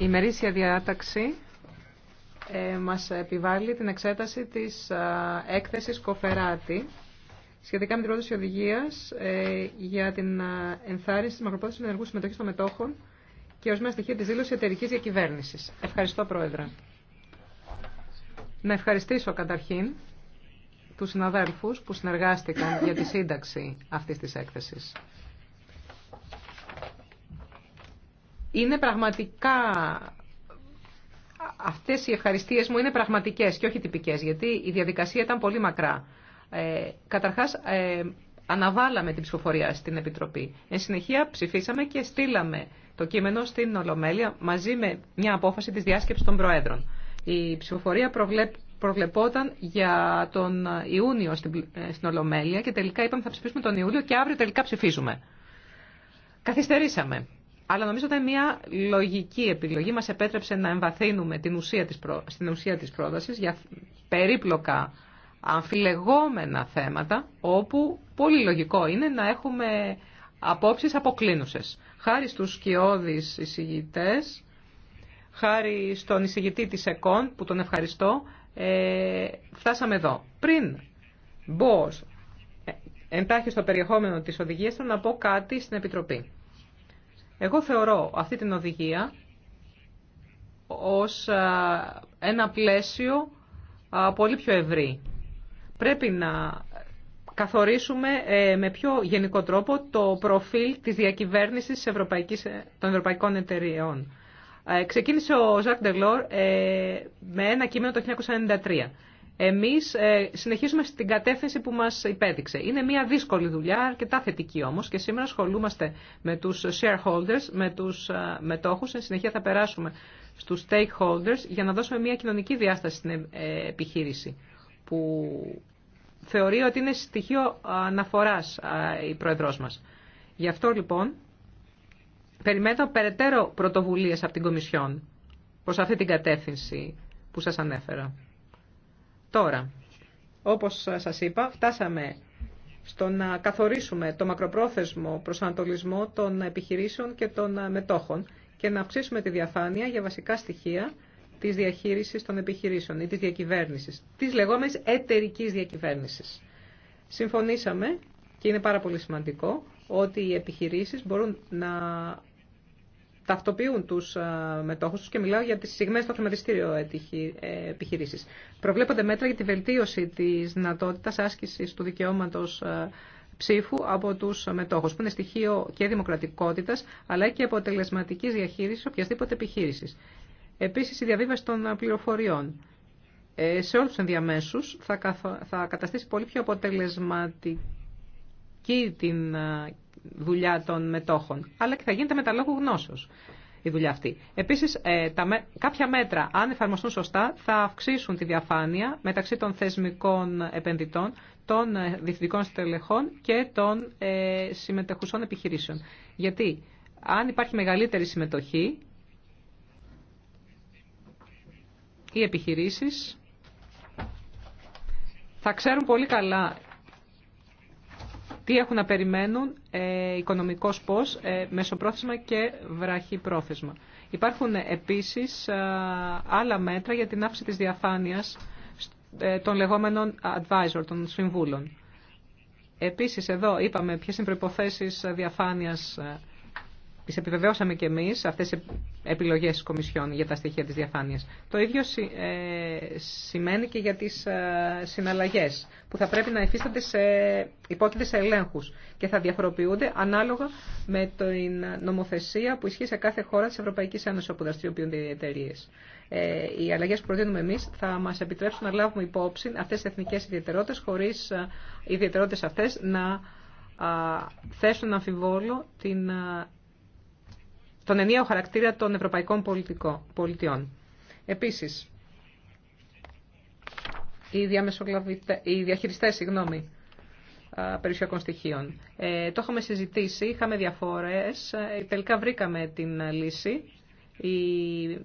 Η μερίσια διάταξη ε, μας επιβάλλει την εξέταση της έκθεσης Κοφεράτη σχετικά με την πρόταση οδηγίας ε, για την ενθάρρυνση της μακροπρόθεσης ενεργού συμμετοχής των μετόχων και μια στοιχεία της δήλωσης εταιρικής διακυβέρνησης. Ευχαριστώ, Πρόεδρε. Να ευχαριστήσω καταρχήν τους συναδέλφους που συνεργάστηκαν για τη σύνταξη αυτής της έκθεσης. είναι πραγματικά αυτές οι ευχαριστίες μου είναι πραγματικές και όχι τυπικές, γιατί η διαδικασία ήταν πολύ μακρά. Ε, καταρχάς, ε, αναβάλαμε την ψηφοφορία στην Επιτροπή. Εν συνεχεία ψηφίσαμε και στείλαμε το κείμενο στην Ολομέλεια μαζί με μια απόφαση της διάσκεψης των Προέδρων. Η ψηφοφορία προβλεπόταν για τον Ιούνιο στην, ε, στην Ολομέλεια και τελικά είπαμε θα ψηφίσουμε τον Ιούλιο και αύριο τελικά ψηφίζουμε. Καθυστερήσαμε. Αλλά νομίζω ότι μια λογική επιλογή μας επέτρεψε να εμβαθύνουμε την ουσία της στην ουσία της πρόταση για περίπλοκα αμφιλεγόμενα θέματα όπου πολύ λογικό είναι να έχουμε απόψεις αποκλίνουσες. Χάρη στους σκιώδεις εισηγητέ, χάρη στον εισηγητή της ΕΚΟΝ που τον ευχαριστώ, ε, φτάσαμε εδώ. Πριν μπω ε, εντάχει στο περιεχόμενο της οδηγίας, θέλω να πω κάτι στην Επιτροπή. Εγώ θεωρώ αυτή την οδηγία ως ένα πλαίσιο πολύ πιο ευρύ. Πρέπει να καθορίσουμε ε, με πιο γενικό τρόπο το προφίλ της διακυβέρνησης των ευρωπαϊκών εταιριών. Ε, ξεκίνησε ο Ζακ Ντελόρ με ένα κείμενο το 1993. Εμείς ε, συνεχίζουμε στην κατεύθυνση που μας υπέδειξε. Είναι μια δύσκολη δουλειά, αρκετά θετική όμως και σήμερα ασχολούμαστε με τους shareholders, με τους ε, μετόχους. Εν συνεχεία θα περάσουμε στους stakeholders για να δώσουμε μια κοινωνική διάσταση στην ε, επιχείρηση που θεωρεί ότι είναι στοιχείο αναφοράς η Πρόεδρός μας. Γι' αυτό λοιπόν περιμένω περαιτέρω πρωτοβουλίες από την Κομισιόν προς αυτή την κατεύθυνση που σας ανέφερα. Τώρα, όπως σας είπα, φτάσαμε στο να καθορίσουμε το μακροπρόθεσμο προσανατολισμό των επιχειρήσεων και των μετόχων και να αυξήσουμε τη διαφάνεια για βασικά στοιχεία της διαχείρισης των επιχειρήσεων ή της διακυβέρνησης, της λεγόμενης εταιρική διακυβέρνησης. Συμφωνήσαμε και είναι πάρα πολύ σημαντικό ότι οι επιχειρήσεις μπορούν να ταυτοποιούν του ε, μετόχου του και μιλάω για τι συγμένε στο χρηματιστήριο ε, επιχειρήσει. Προβλέπονται μέτρα για τη βελτίωση τη δυνατότητα άσκηση του δικαιώματο ε, ψήφου από του μετόχου, που είναι στοιχείο και δημοκρατικότητα αλλά και αποτελεσματική διαχείριση οποιασδήποτε επιχείρηση. Επίση, η διαβίβαση των πληροφοριών σε όλου του ενδιαμέσου θα καταστήσει πολύ πιο αποτελεσματική την δουλειά των μετόχων, αλλά και θα γίνεται με τα γνώσεως η δουλειά αυτή. Επίσης, ε, κάποια μέτρα, αν εφαρμοστούν σωστά, θα αυξήσουν τη διαφάνεια μεταξύ των θεσμικών επενδυτών, των ε, διευθυντικών στελεχών και των ε, συμμετεχουσών επιχειρήσεων. Γιατί αν υπάρχει μεγαλύτερη συμμετοχή, οι επιχειρήσεις θα ξέρουν πολύ καλά τι έχουν να περιμένουν ε, οικονομικός πώς, ε, μεσοπρόθεσμα και βραχυπρόθεσμα. Υπάρχουν επίσης ε, άλλα μέτρα για την αύξηση της διαφάνειας των λεγόμενων advisor, των συμβούλων. Επίσης εδώ είπαμε ποιες είναι οι προϋποθέσεις διαφάνειας τις επιβεβαιώσαμε και εμείς αυτές τις επιλογές της Κομισιόν για τα στοιχεία της διαφάνειας. Το ίδιο ε, σημαίνει και για τις ε, συναλλαγές που θα πρέπει να υφίστανται σε υπόκειται σε ελέγχους και θα διαφοροποιούνται ανάλογα με την νομοθεσία που ισχύει σε κάθε χώρα της Ευρωπαϊκής Ένωση όπου δραστηριοποιούνται οι εταιρείε. Ε, οι αλλαγέ που προτείνουμε εμεί θα μα επιτρέψουν να λάβουμε υπόψη αυτέ τι εθνικέ ιδιαιτερότητε, χωρί οι ιδιαιτερότητε αυτέ να θέσουν αμφιβόλο την τον ενιαίο χαρακτήρα των ευρωπαϊκών πολιτιών. Επίσης, οι, οι διαχειριστές συγγνώμη, περιουσιακών στοιχείων. Ε, το είχαμε συζητήσει, είχαμε διαφορές, ε, τελικά βρήκαμε την λύση. Οι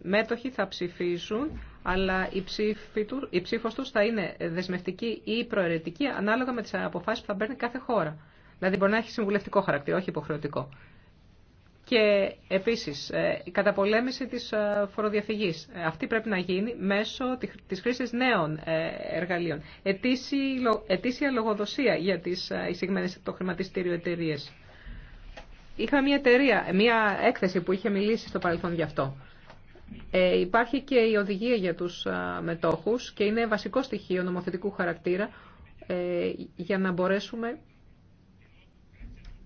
μέτοχοι θα ψηφίσουν, αλλά η, ψήφη του, η ψήφος τους θα είναι δεσμευτική ή προαιρετική, ανάλογα με τις αποφάσεις που θα παίρνει κάθε χώρα. Δηλαδή μπορεί να έχει συμβουλευτικό χαρακτήρα, όχι υποχρεωτικό. Και επίσης ε, η καταπολέμηση της ε, φοροδιαφυγής. Ε, αυτή πρέπει να γίνει μέσω της χρήσης νέων εργαλείων. Ετήσια λογοδοσία για τις εισηγμένες το χρηματιστήριο εταιρείε. Είχα μια εταιρεία, μια έκθεση που είχε μιλήσει στο παρελθόν γι' αυτό. υπάρχει και η οδηγία για τους μετόχους και είναι βασικό στοιχείο νομοθετικού χαρακτήρα ε, για να μπορέσουμε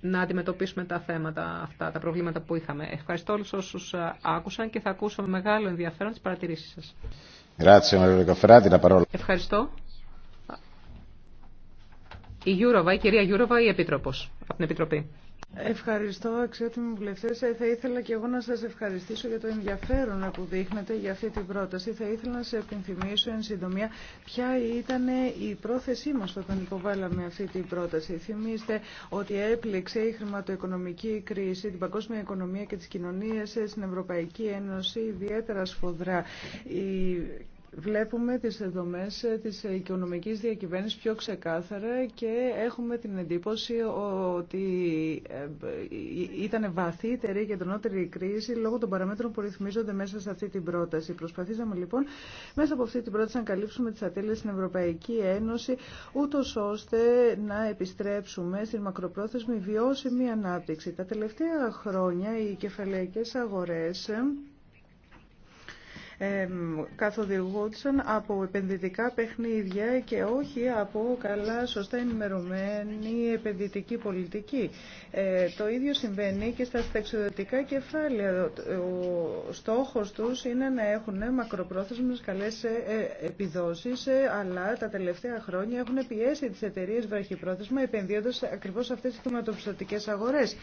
να αντιμετωπίσουμε τα θέματα αυτά, τα προβλήματα που είχαμε. Ευχαριστώ όλους όσους ε, άκουσαν και θα ακούσω με μεγάλο ενδιαφέρον τις παρατηρήσεις σας. Ευχαριστώ. Η Γιούροβα, η κυρία Γιούροβα, η Επίτροπος από την Επιτροπή. Ευχαριστώ, αξιότιμοι βουλευτέ. Ε, θα ήθελα και εγώ να σας ευχαριστήσω για το ενδιαφέρον που δείχνετε για αυτή την πρόταση. Θα ήθελα να σα επιθυμίσω εν συντομία ποια ήταν η πρόθεσή μας όταν υποβάλαμε αυτή την πρόταση. Θυμήστε ότι έπληξε η χρηματοοικονομική κρίση, την παγκόσμια οικονομία και τις κοινωνίες στην Ευρωπαϊκή Ένωση ιδιαίτερα σφοδρά. Η Βλέπουμε τις δομές ε, της οικονομικής διακυβέρνησης πιο ξεκάθαρα και έχουμε την εντύπωση ότι ε, ε, ήταν βαθύτερη και τρονότερη η κρίση λόγω των παραμέτρων που ρυθμίζονται μέσα σε αυτή την πρόταση. Προσπαθήσαμε λοιπόν μέσα από αυτή την πρόταση να καλύψουμε τις ατέλειες στην Ευρωπαϊκή Ένωση ούτω ώστε να επιστρέψουμε στην μακροπρόθεσμη βιώσιμη ανάπτυξη. Τα τελευταία χρόνια οι κεφαλαϊκές αγορές καθοδηγούνταν από επενδυτικά παιχνίδια και όχι από καλά σωστά ενημερωμένη επενδυτική πολιτική. Ε, το ίδιο συμβαίνει και στα στεξιδωτικά κεφάλαια. Ο στόχος τους είναι να έχουν μακροπρόθεσμες καλές ε, ε, επιδόσεις, αλλά τα τελευταία χρόνια έχουν πιέσει τις εταιρείες βραχυπρόθεσμα επενδύοντας ακριβώς σε αυτές τις χρηματοπιστωτικές αγορές.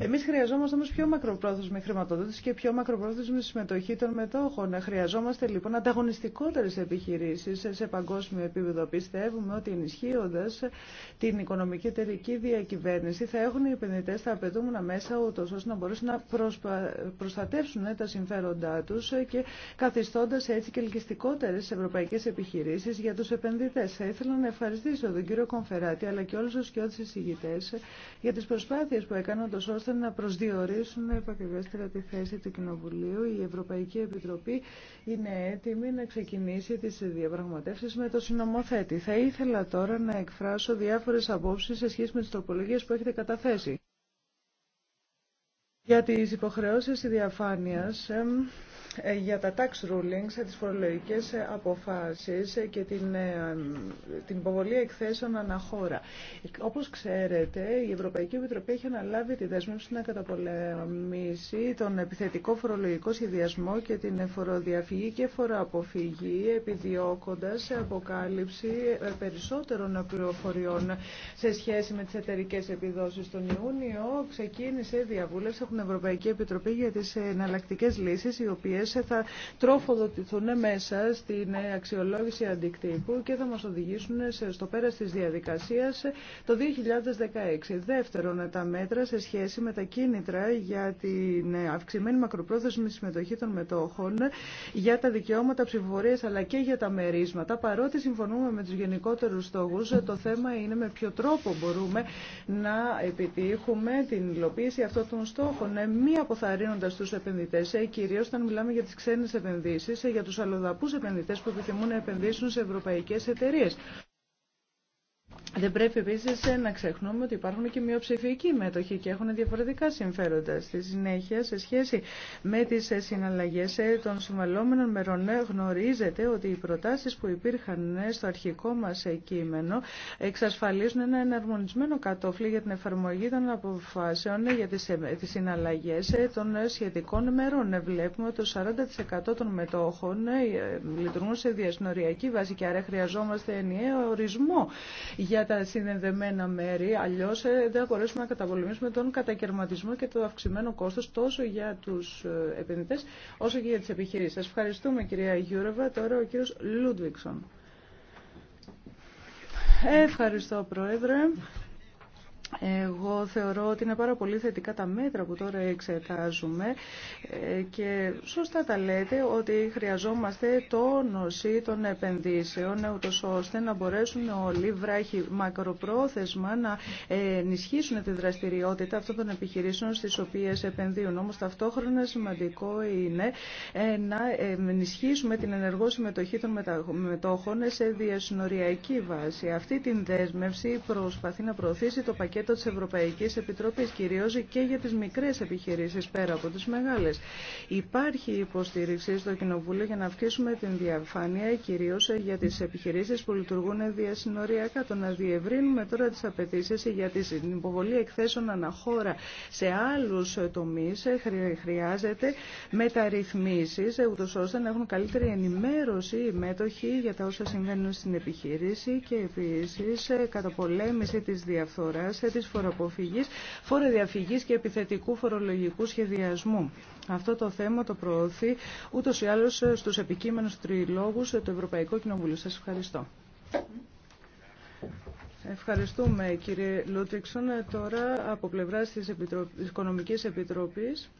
Εμεί χρειαζόμαστε όμω πιο μακροπρόθεσμη χρηματοδότηση και πιο μακροπρόθεσμη συμμετοχή των μετόχων. Χρειαζόμαστε λοιπόν ανταγωνιστικότερε επιχειρήσει σε παγκόσμιο επίπεδο. Πιστεύουμε ότι ενισχύοντα την οικονομική εταιρική διακυβέρνηση θα έχουν οι επενδυτέ, τα απαιτούμενα μέσα ούτω ώστε να μπορέσουν να προσπα... προστατεύσουν ε, τα συμφέροντά του και καθιστώντα έτσι και ελκυστικότερε ευρωπαϊκέ επιχειρήσει για του επενδυτέ. Θα ήθελα να ευχαριστήσω τον κύριο Κομφεράτη αλλά και όλους για τι προσπάθειε που έκαναν ώστε να προσδιορίσουν επακριβέστερα τη θέση του Κοινοβουλίου. Η Ευρωπαϊκή Επιτροπή είναι έτοιμη να ξεκινήσει τις διαπραγματεύσεις με το συνομοθέτη. Θα ήθελα τώρα να εκφράσω διάφορες απόψεις σε σχέση με τις τροπολογίες που έχετε καταθέσει. Για τις υποχρεώσεις διαφάνειας, ε, για τα tax rulings, ε, τις φορολογικές ε, αποφάσεις και την, την υποβολή εκθέσεων αναχώρα. Όπως ξέρετε, η Ευρωπαϊκή Επιτροπή έχει αναλάβει τη δέσμευση να καταπολεμήσει τον επιθετικό φορολογικό σχεδιασμό και την φοροδιαφυγή και φοροαποφυγή, επιδιώκοντας αποκάλυψη περισσότερων πληροφοριών σε σχέση με τις εταιρικέ επιδόσεις. Τον Ιούνιο ξεκίνησε διαβούλευση από την Ευρωπαϊκή Επιτροπή για τις εναλλακτικέ λύσεις, οι οποίες σε θα τροφοδοτηθούν μέσα στην αξιολόγηση αντικτύπου και θα μας οδηγήσουν στο πέρας της διαδικασίας το 2016. Δεύτερον, τα μέτρα σε σχέση με τα κίνητρα για την αυξημένη μακροπρόθεσμη συμμετοχή των μετόχων για τα δικαιώματα ψηφοφορίας αλλά και για τα μερίσματα. Παρότι συμφωνούμε με τους γενικότερους στόχους, το θέμα είναι με ποιο τρόπο μπορούμε να επιτύχουμε την υλοποίηση αυτών των στόχων, μη αποθαρρύνοντας τους επενδυτές, ε, κυρίω όταν μιλάμε για τις ξένες επενδύσεις, ε, για τους αλλοδαπού επενδυτές που επιθυμούν να επενδύσουν σε ευρωπαϊκές εταιρείε. Δεν πρέπει επίση ε, να ξεχνούμε ότι υπάρχουν και μειοψηφικοί μέτοχοι και έχουν διαφορετικά συμφέροντα. Στη συνέχεια, σε σχέση με τι ε, συναλλαγέ ε, των συμβαλόμενων μερών, γνωρίζετε ότι οι προτάσει που υπήρχαν στο αρχικό μα κείμενο εξασφαλίζουν ένα εναρμονισμένο κατόφλι για την εφαρμογή των αποφάσεων για τι συναλλαγέ των σχετικών μερών. Βλέπουμε ότι το 40% των μετόχων λειτουργούν σε διασυνοριακή βάση και άρα χρειαζόμαστε ενιαίο ορισμό για τα συνδεδεμένα μέρη, αλλιώς ε, δεν θα μπορέσουμε να καταπολεμήσουμε τον κατακαιρματισμό και το αυξημένο κόστος τόσο για τους ε, επενδυτές όσο και για τις επιχειρήσεις. Σας ευχαριστούμε κυρία Γιούρεβα, τώρα ο κύριος Λούντβικσον. Ευχαριστώ Πρόεδρε. Εγώ θεωρώ ότι είναι πάρα πολύ θετικά τα μέτρα που τώρα εξετάζουμε ε, και σωστά τα λέτε ότι χρειαζόμαστε τόνωση των επενδύσεων ούτως ώστε να μπορέσουν όλοι βράχοι μακροπρόθεσμα να ενισχύσουν τη δραστηριότητα αυτών των επιχειρήσεων στις οποίες επενδύουν. Όμως ταυτόχρονα σημαντικό είναι ε, να ενισχύσουμε την ενεργό συμμετοχή των μετόχων σε διασυνοριακή βάση. Αυτή την δέσμευση προσπαθεί να προωθήσει το πακέτο το της Ευρωπαϊκής Επιτροπής, κυρίως και για τις μικρές επιχειρήσεις πέρα από τις μεγάλες. Υπάρχει υποστήριξη στο Κοινοβούλιο για να αυξήσουμε την διαφάνεια, κυρίως για τις επιχειρήσεις που λειτουργούν διασυνοριακά. Το να διευρύνουμε τώρα τις απαιτήσεις για την υποβολή εκθέσεων αναχώρα σε άλλους τομείς χρειάζεται μεταρρυθμίσεις, ούτως ώστε να έχουν καλύτερη ενημέρωση οι μέτοχοι για τα όσα συμβαίνουν στην επιχείρηση και επίσης καταπολέμηση της διαφθοράς, της φοροαποφυγής, φοροδιαφυγή και επιθετικού φορολογικού σχεδιασμού. Αυτό το θέμα το προωθεί ούτω ή άλλω στους επικείμενους τριλόγου του Ευρωπαϊκού Κοινοβουλίου. Σας ευχαριστώ. Ευχαριστούμε κύριε Λούτριξον. Τώρα από πλευρά τη Επιτρο... της Οικονομικής Επιτροπής.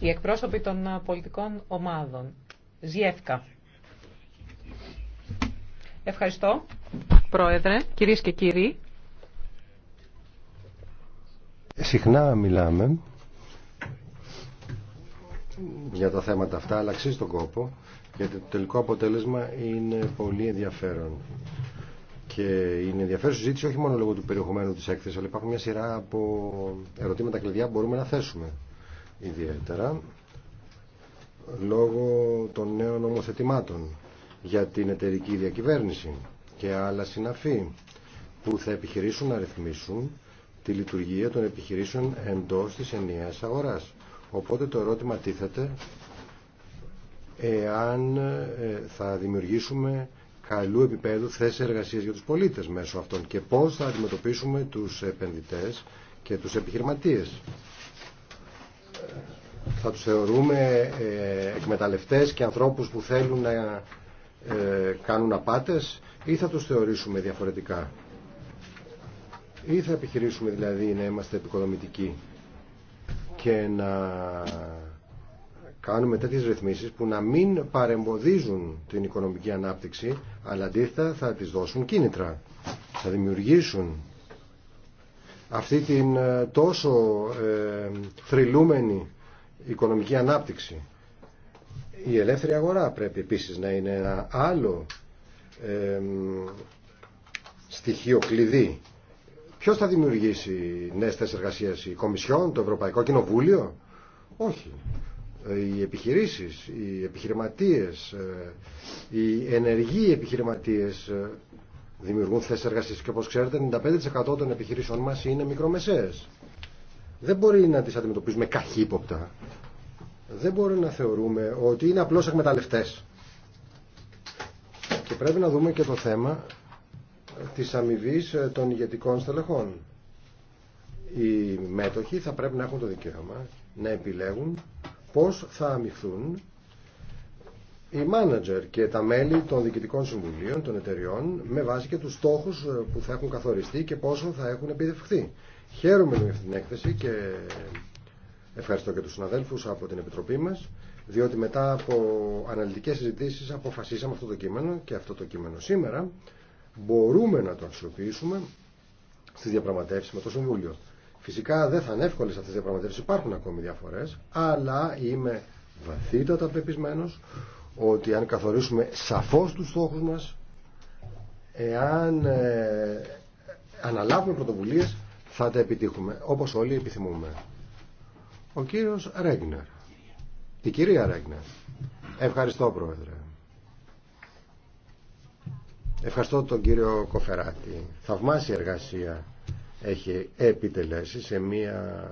Οι εκπρόσωποι των ε, πολιτικών ομάδων. Ζιεύκα. Ευχαριστώ, Πρόεδρε, κυρίες και κύριοι. Συχνά μιλάμε για τα θέματα αυτά, αλλά αξίζει τον κόπο, γιατί το τελικό αποτέλεσμα είναι πολύ ενδιαφέρον. Και είναι ενδιαφέρον συζήτηση όχι μόνο λόγω του περιεχομένου της έκθεσης, αλλά υπάρχουν μια σειρά από ερωτήματα κλειδιά που μπορούμε να θέσουμε ιδιαίτερα λόγω των νέων νομοθετημάτων για την εταιρική διακυβέρνηση και άλλα συναφή που θα επιχειρήσουν να ρυθμίσουν τη λειτουργία των επιχειρήσεων εντός της ενιαίας αγοράς. Οπότε το ερώτημα τίθεται εάν ε, θα δημιουργήσουμε καλού επίπεδου θέσεις εργασίας για τους πολίτες μέσω αυτών και πώς θα αντιμετωπίσουμε τους επενδυτές και τους επιχειρηματίες. Θα τους θεωρούμε ε, εκμεταλλευτές και ανθρώπους που θέλουν να ε, κάνουν απάτες ή θα τους θεωρήσουμε διαφορετικά. Ή θα επιχειρήσουμε δηλαδή να είμαστε επικοδομητικοί και να κάνουμε τέτοιες ρυθμίσεις που να μην παρεμποδίζουν την οικονομική ανάπτυξη, αλλά αντίθετα θα τις δώσουν κίνητρα. Θα δημιουργήσουν αυτή την ε, τόσο ε, θρυλούμενη οικονομική ανάπτυξη. Η ελεύθερη αγορά πρέπει επίσης να είναι ένα άλλο ε, στοιχείο κλειδί Ποιο θα δημιουργήσει νέε θέσει εργασία, η Κομισιόν, το Ευρωπαϊκό Κοινοβούλιο. Όχι. Ε, οι επιχειρήσεις, οι επιχειρηματίες, ε, οι ενεργοί επιχειρηματίες ε, δημιουργούν θέσει εργασίας και όπως ξέρετε 95% των επιχειρήσεων μας είναι μικρομεσαίες. Δεν μπορεί να τις αντιμετωπίζουμε καχύποπτα. Δεν μπορεί να θεωρούμε ότι είναι απλώ εκμεταλλευτέ. Και πρέπει να δούμε και το θέμα της αμοιβή ε, των ηγετικών στελεχών. Οι μέτοχοι θα πρέπει να έχουν το δικαίωμα να επιλέγουν πώς θα αμοιχθούν οι μάνατζερ και τα μέλη των διοικητικών συμβουλίων, των εταιριών, με βάση και τους στόχους ε, που θα έχουν καθοριστεί και πόσο θα έχουν επιδευχθεί. Χαίρομαι με αυτή την έκθεση και ευχαριστώ και τους συναδέλφους από την Επιτροπή μας, διότι μετά από αναλυτικές συζητήσεις αποφασίσαμε αυτό το κείμενο και αυτό το κείμενο σήμερα μπορούμε να το αξιοποιήσουμε στις διαπραγματεύσεις με το Συμβούλιο. Φυσικά δεν θα είναι εύκολες αυτές οι διαπραγματεύσεις, υπάρχουν ακόμη διαφορές, αλλά είμαι βαθύτατα πεπισμένος ότι αν καθορίσουμε σαφώς τους στόχους μας, εάν ε, αναλάβουμε πρωτοβουλίες, θα τα επιτύχουμε, όπως όλοι επιθυμούμε. Ο κύριος Ρέγνερ. Η κυρία Ρέγνερ. Ευχαριστώ, Πρόεδρε. Ευχαριστώ τον κύριο Κοφεράτη. Θαυμάσια εργασία έχει επιτελέσει σε μια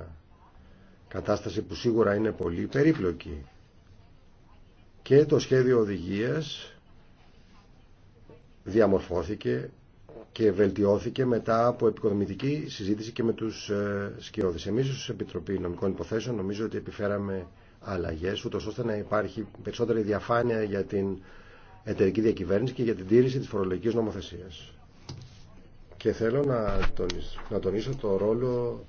κατάσταση που σίγουρα είναι πολύ περίπλοκη. Και το σχέδιο οδηγίας διαμορφώθηκε και βελτιώθηκε μετά από επικοδομητική συζήτηση και με τους ε, σκιώδεις. Εμείς ως Επιτροπή Νομικών Υποθέσεων νομίζω ότι επιφέραμε αλλαγές, ούτως ώστε να υπάρχει περισσότερη διαφάνεια για την εταιρική διακυβέρνηση και για την τήρηση της φορολογικής νομοθεσίας. Και θέλω να τονίσω, να τονίσω το ρόλο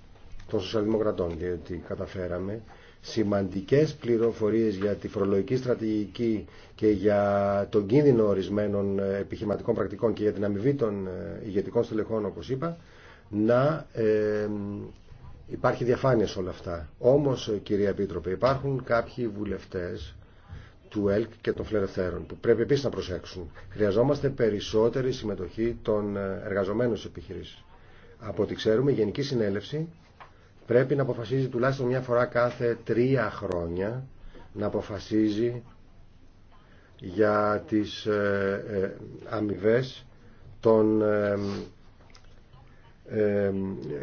των σοσιαλδημοκρατών, διότι καταφέραμε σημαντικές πληροφορίες για τη φορολογική στρατηγική και για τον κίνδυνο ορισμένων επιχειρηματικών πρακτικών και για την αμοιβή των ε, ηγετικών στελεχών, όπως είπα, να υπάρχει διαφάνεια σε όλα αυτά. Όμως, ε, κυρία Επίτροπε, υπάρχουν κάποιοι βουλευτές του ΕΛΚ και των φλερευθέρων, που πρέπει επίσης να προσέξουν. Χρειαζόμαστε περισσότερη συμμετοχή των εργαζομένων στις επιχειρήσεις. Από ό,τι ξέρουμε, η Γενική Συνέλευση πρέπει να αποφασίζει τουλάχιστον μια φορά κάθε τρία χρόνια να αποφασίζει για τις ε, αμοιβέ των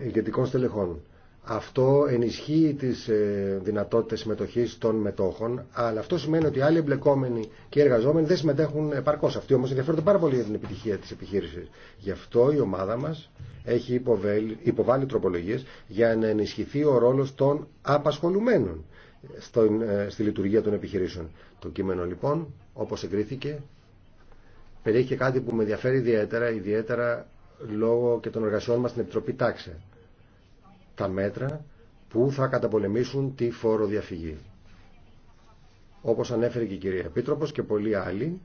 ηγετικών στελεχών. Αυτό ενισχύει τις ε, δυνατότητες συμμετοχής των μετόχων, αλλά αυτό σημαίνει ότι άλλοι εμπλεκόμενοι και εργαζόμενοι δεν συμμετέχουν επαρκώς. Αυτοί όμως ενδιαφέρονται πάρα πολύ για την επιτυχία της επιχείρησης. Γι' αυτό η ομάδα μας έχει υποβάλει τροπολογίες για να ενισχυθεί ο ρόλος των απασχολουμένων ε, στη λειτουργία των επιχειρήσεων. Το κείμενο λοιπόν, όπως εγκρίθηκε, περιέχει κάτι που με ενδιαφέρει ιδιαίτερα, ιδιαίτερα λόγω και των εργασιών μα στην Επιτροπή Τάξε τα μέτρα που θα καταπολεμήσουν τη φοροδιαφυγή. Όπως ανέφερε και η κυρία Επίτροπος και πολλοί άλλοι,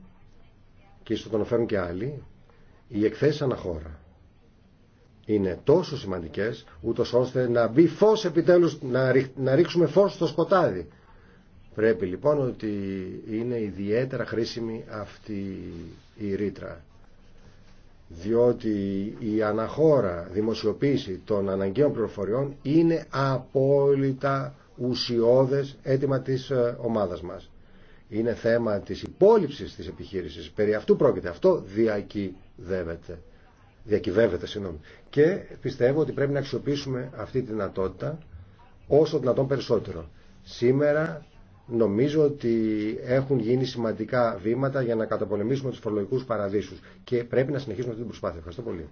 και ίσως τον και άλλοι, οι εκθέσεις αναχώρα είναι τόσο σημαντικές, ούτω ώστε να μπει φως επιτέλους, να, να ρίξουμε φως στο σκοτάδι. Πρέπει λοιπόν ότι είναι ιδιαίτερα χρήσιμη αυτή η ρήτρα διότι η αναχώρα δημοσιοποίηση των αναγκαίων πληροφοριών είναι απόλυτα ουσιώδες αίτημα της ε, ομάδας μας. Είναι θέμα της υπόλοιψης της επιχείρησης. Περί αυτού πρόκειται. Αυτό διακυβεύεται. Διακυβεύεται, συγγνώμη. Και πιστεύω ότι πρέπει να αξιοποιήσουμε αυτή τη δυνατότητα όσο δυνατόν περισσότερο. Σήμερα νομίζω ότι έχουν γίνει σημαντικά βήματα για να καταπολεμήσουμε τους φορολογικούς παραδείσους και πρέπει να συνεχίσουμε αυτή την προσπάθεια. Ευχαριστώ πολύ.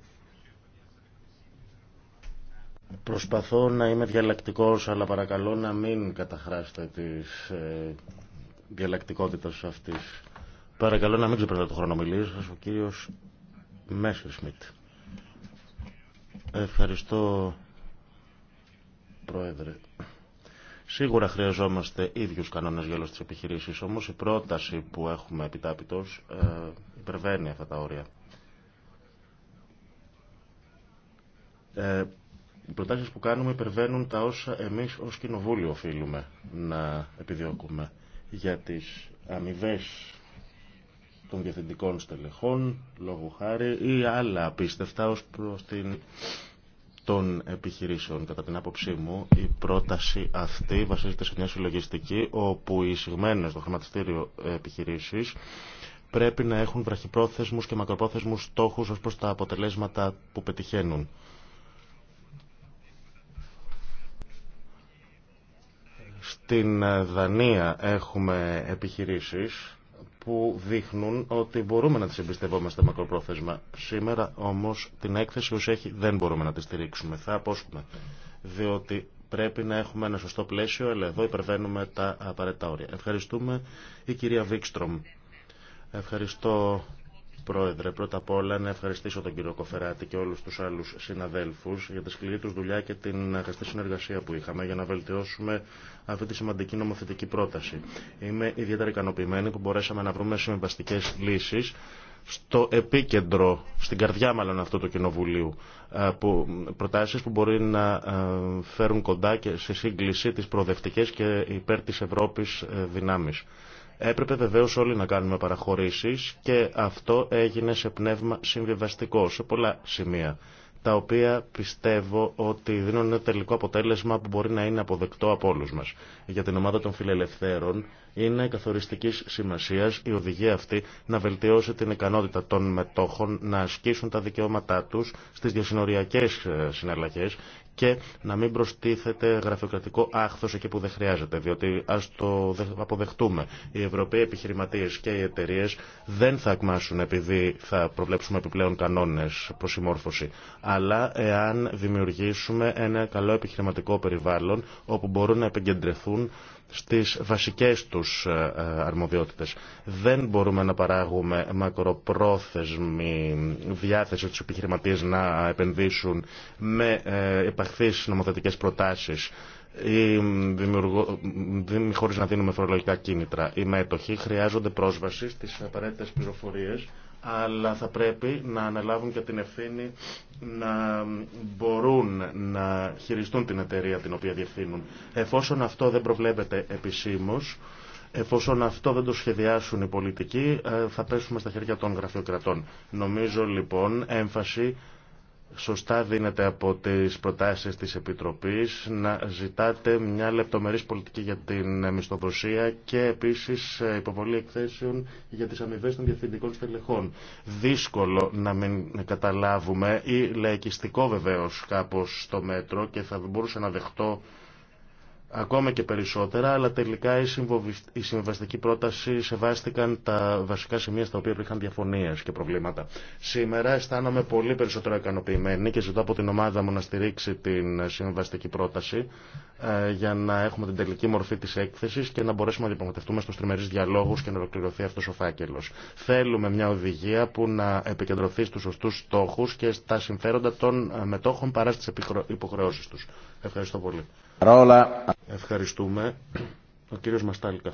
Προσπαθώ να είμαι διαλλακτικός, αλλά παρακαλώ να μην καταχράσετε της ε, διαλλακτικότητας αυτής. Παρακαλώ να μην ξεπερνάτε το χρόνο χρονομιλίο σας, ο κύριος Μέσσερ Σμιτ. Ευχαριστώ, Πρόεδρε. Σίγουρα χρειαζόμαστε ίδιου κανόνε για όλε τι επιχειρήσει, όμω η πρόταση που έχουμε επιτάπητο ε, υπερβαίνει αυτά τα όρια. Ε, οι προτάσει που κάνουμε υπερβαίνουν τα όσα εμείς ως κοινοβούλιο οφείλουμε να επιδιώκουμε για τι αμοιβέ των διευθυντικών στελεχών, λόγω χάρη ή άλλα απίστευτα ω προ την των επιχειρήσεων. Κατά την άποψή μου, η πρόταση αυτή βασίζεται σε μια συλλογιστική όπου οι εισηγμένε στο χρηματιστήριο επιχειρήσεις πρέπει να έχουν βραχυπρόθεσμους και μακροπρόθεσμους στόχους ως προς τα αποτελέσματα που πετυχαίνουν. Στην Δανία έχουμε επιχειρήσεις που δείχνουν ότι μπορούμε να τις εμπιστευόμαστε μακροπρόθεσμα. Σήμερα όμως την έκθεση ως έχει δεν μπορούμε να τη στηρίξουμε. Θα απόσχουμε. Διότι πρέπει να έχουμε ένα σωστό πλαίσιο, αλλά εδώ υπερβαίνουμε τα απαραίτητα όρια. Ευχαριστούμε η κυρία Βίξτρομ. Ευχαριστώ Πρόεδρε, πρώτα απ' όλα να ευχαριστήσω τον κύριο Κοφεράτη και όλους τους άλλους συναδέλφους για τη σκληρή τους δουλειά και την αγαστή συνεργασία που είχαμε για να βελτιώσουμε αυτή τη σημαντική νομοθετική πρόταση. Είμαι ιδιαίτερα ικανοποιημένη που μπορέσαμε να βρούμε συμβαστικές λύσεις στο επίκεντρο, στην καρδιά μάλλον αυτού του κοινοβουλίου, που, προτάσεις που μπορεί να φέρουν κοντά και σε σύγκληση τις προοδευτικές και υπέρ της Ευρώπη ε, δυνάμει. Έπρεπε βεβαίως όλοι να κάνουμε παραχωρήσεις και αυτό έγινε σε πνεύμα συμβιβαστικό σε πολλά σημεία τα οποία πιστεύω ότι δίνουν ένα τελικό αποτέλεσμα που μπορεί να είναι αποδεκτό από όλους μας. Για την ομάδα των φιλελευθέρων είναι καθοριστικής σημασίας η οδηγία αυτή να βελτιώσει την ικανότητα των μετόχων να ασκήσουν τα δικαιώματά τους στις διασυνοριακές ε, συναλλαγές και να μην προστίθεται γραφειοκρατικό άχθος εκεί που δεν χρειάζεται. Διότι ας το αποδεχτούμε. Οι Ευρωπαίοι επιχειρηματίες και οι εταιρείε δεν θα ακμάσουν επειδή θα προβλέψουμε επιπλέον κανόνες προς μόρφωση Αλλά εάν δημιουργήσουμε ένα καλό επιχειρηματικό περιβάλλον όπου μπορούν να επικεντρεθούν στις βασικές τους ε, ε, αρμοδιότητες. Δεν μπορούμε να παράγουμε μακροπρόθεσμη διάθεση στους επιχειρηματίες να επενδύσουν με ε, επαχθείς νομοθετικές προτάσεις ή χωρίς να δίνουμε φορολογικά κίνητρα. Οι μέτοχοι χρειάζονται πρόσβαση στις απαραίτητες πληροφορίες αλλά θα πρέπει να αναλάβουν και την ευθύνη να μπορούν να χειριστούν την εταιρεία την οποία διευθύνουν. Εφόσον αυτό δεν προβλέπεται επισήμως, εφόσον αυτό δεν το σχεδιάσουν οι πολιτικοί, ε, θα πέσουμε στα χέρια των γραφειοκρατών. Νομίζω λοιπόν έμφαση σωστά δίνεται από τις προτάσεις της Επιτροπής να ζητάτε μια λεπτομερής πολιτική για την μισθοδοσία και επίσης ε, υποβολή εκθέσεων για τις αμοιβέ των διευθυντικών στελεχών. Δύσκολο να μην καταλάβουμε ή λαϊκιστικό βεβαίως κάπως το μέτρο και θα μπορούσα να δεχτώ ακόμα και περισσότερα, αλλά τελικά η συμβαστική πρόταση σεβάστηκαν τα βασικά σημεία στα οποία υπήρχαν διαφωνίε και προβλήματα. Σήμερα αισθάνομαι πολύ περισσότερο ικανοποιημένη και ζητώ από την ομάδα μου να στηρίξει την συμβαστική πρόταση ε, για να έχουμε την τελική μορφή τη έκθεση και να μπορέσουμε να διαπραγματευτούμε στου τριμερεί διαλόγου και να ολοκληρωθεί αυτό ο φάκελο. Θέλουμε μια οδηγία που να επικεντρωθεί στου σωστού στόχου και στα συμφέροντα των μετόχων παρά στι υποχρεώσει του. Ευχαριστώ πολύ. Ευχαριστούμε. Ο κύριος Μαστάλικα.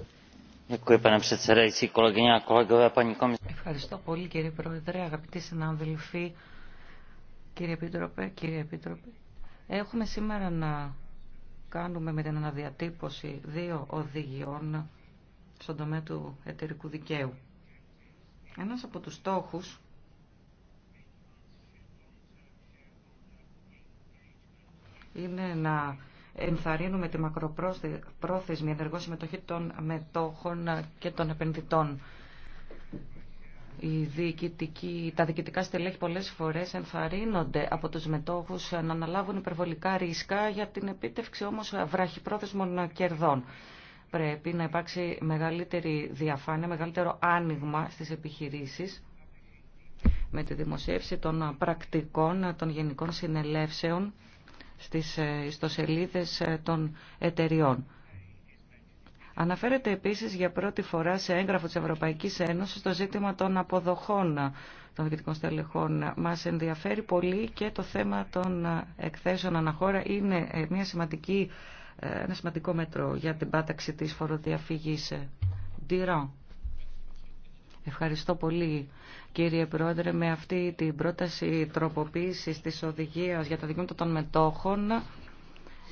Ευχαριστώ πολύ κύριε Πρόεδρε, αγαπητοί συνάδελφοι, κύριε Επίτροπε, κύριε Επίτροπε. Έχουμε σήμερα να κάνουμε με την αναδιατύπωση δύο οδηγιών στον τομέα του εταιρικού δικαίου. Ένας από τους στόχους είναι να ενθαρρύνουμε τη μακροπρόθεσμη ενεργό συμμετοχή των μετόχων και των επενδυτών. Οι τα διοικητικά στελέχη πολλές φορές ενθαρρύνονται από τους μετόχους να αναλάβουν υπερβολικά ρίσκα για την επίτευξη όμως βραχυπρόθεσμων κερδών. Πρέπει να υπάρξει μεγαλύτερη διαφάνεια, μεγαλύτερο άνοιγμα στις επιχειρήσεις με τη δημοσίευση των πρακτικών των γενικών συνελεύσεων στις ε, ιστοσελίδες ε, των εταιριών. Αναφέρεται επίσης για πρώτη φορά σε έγγραφο της Ευρωπαϊκής Ένωσης το ζήτημα των αποδοχών ε, των διοικητικών στελεχών. Μας ενδιαφέρει πολύ και το θέμα των εκθέσεων αναχώρα είναι μια σημαντική, ένα σημαντικό μέτρο για την πάταξη της φοροδιαφυγής. Ευχαριστώ πολύ Κύριε Πρόεδρε, με αυτή την πρόταση τροποποίησης της οδηγίας για τα δικαιώματα των μετόχων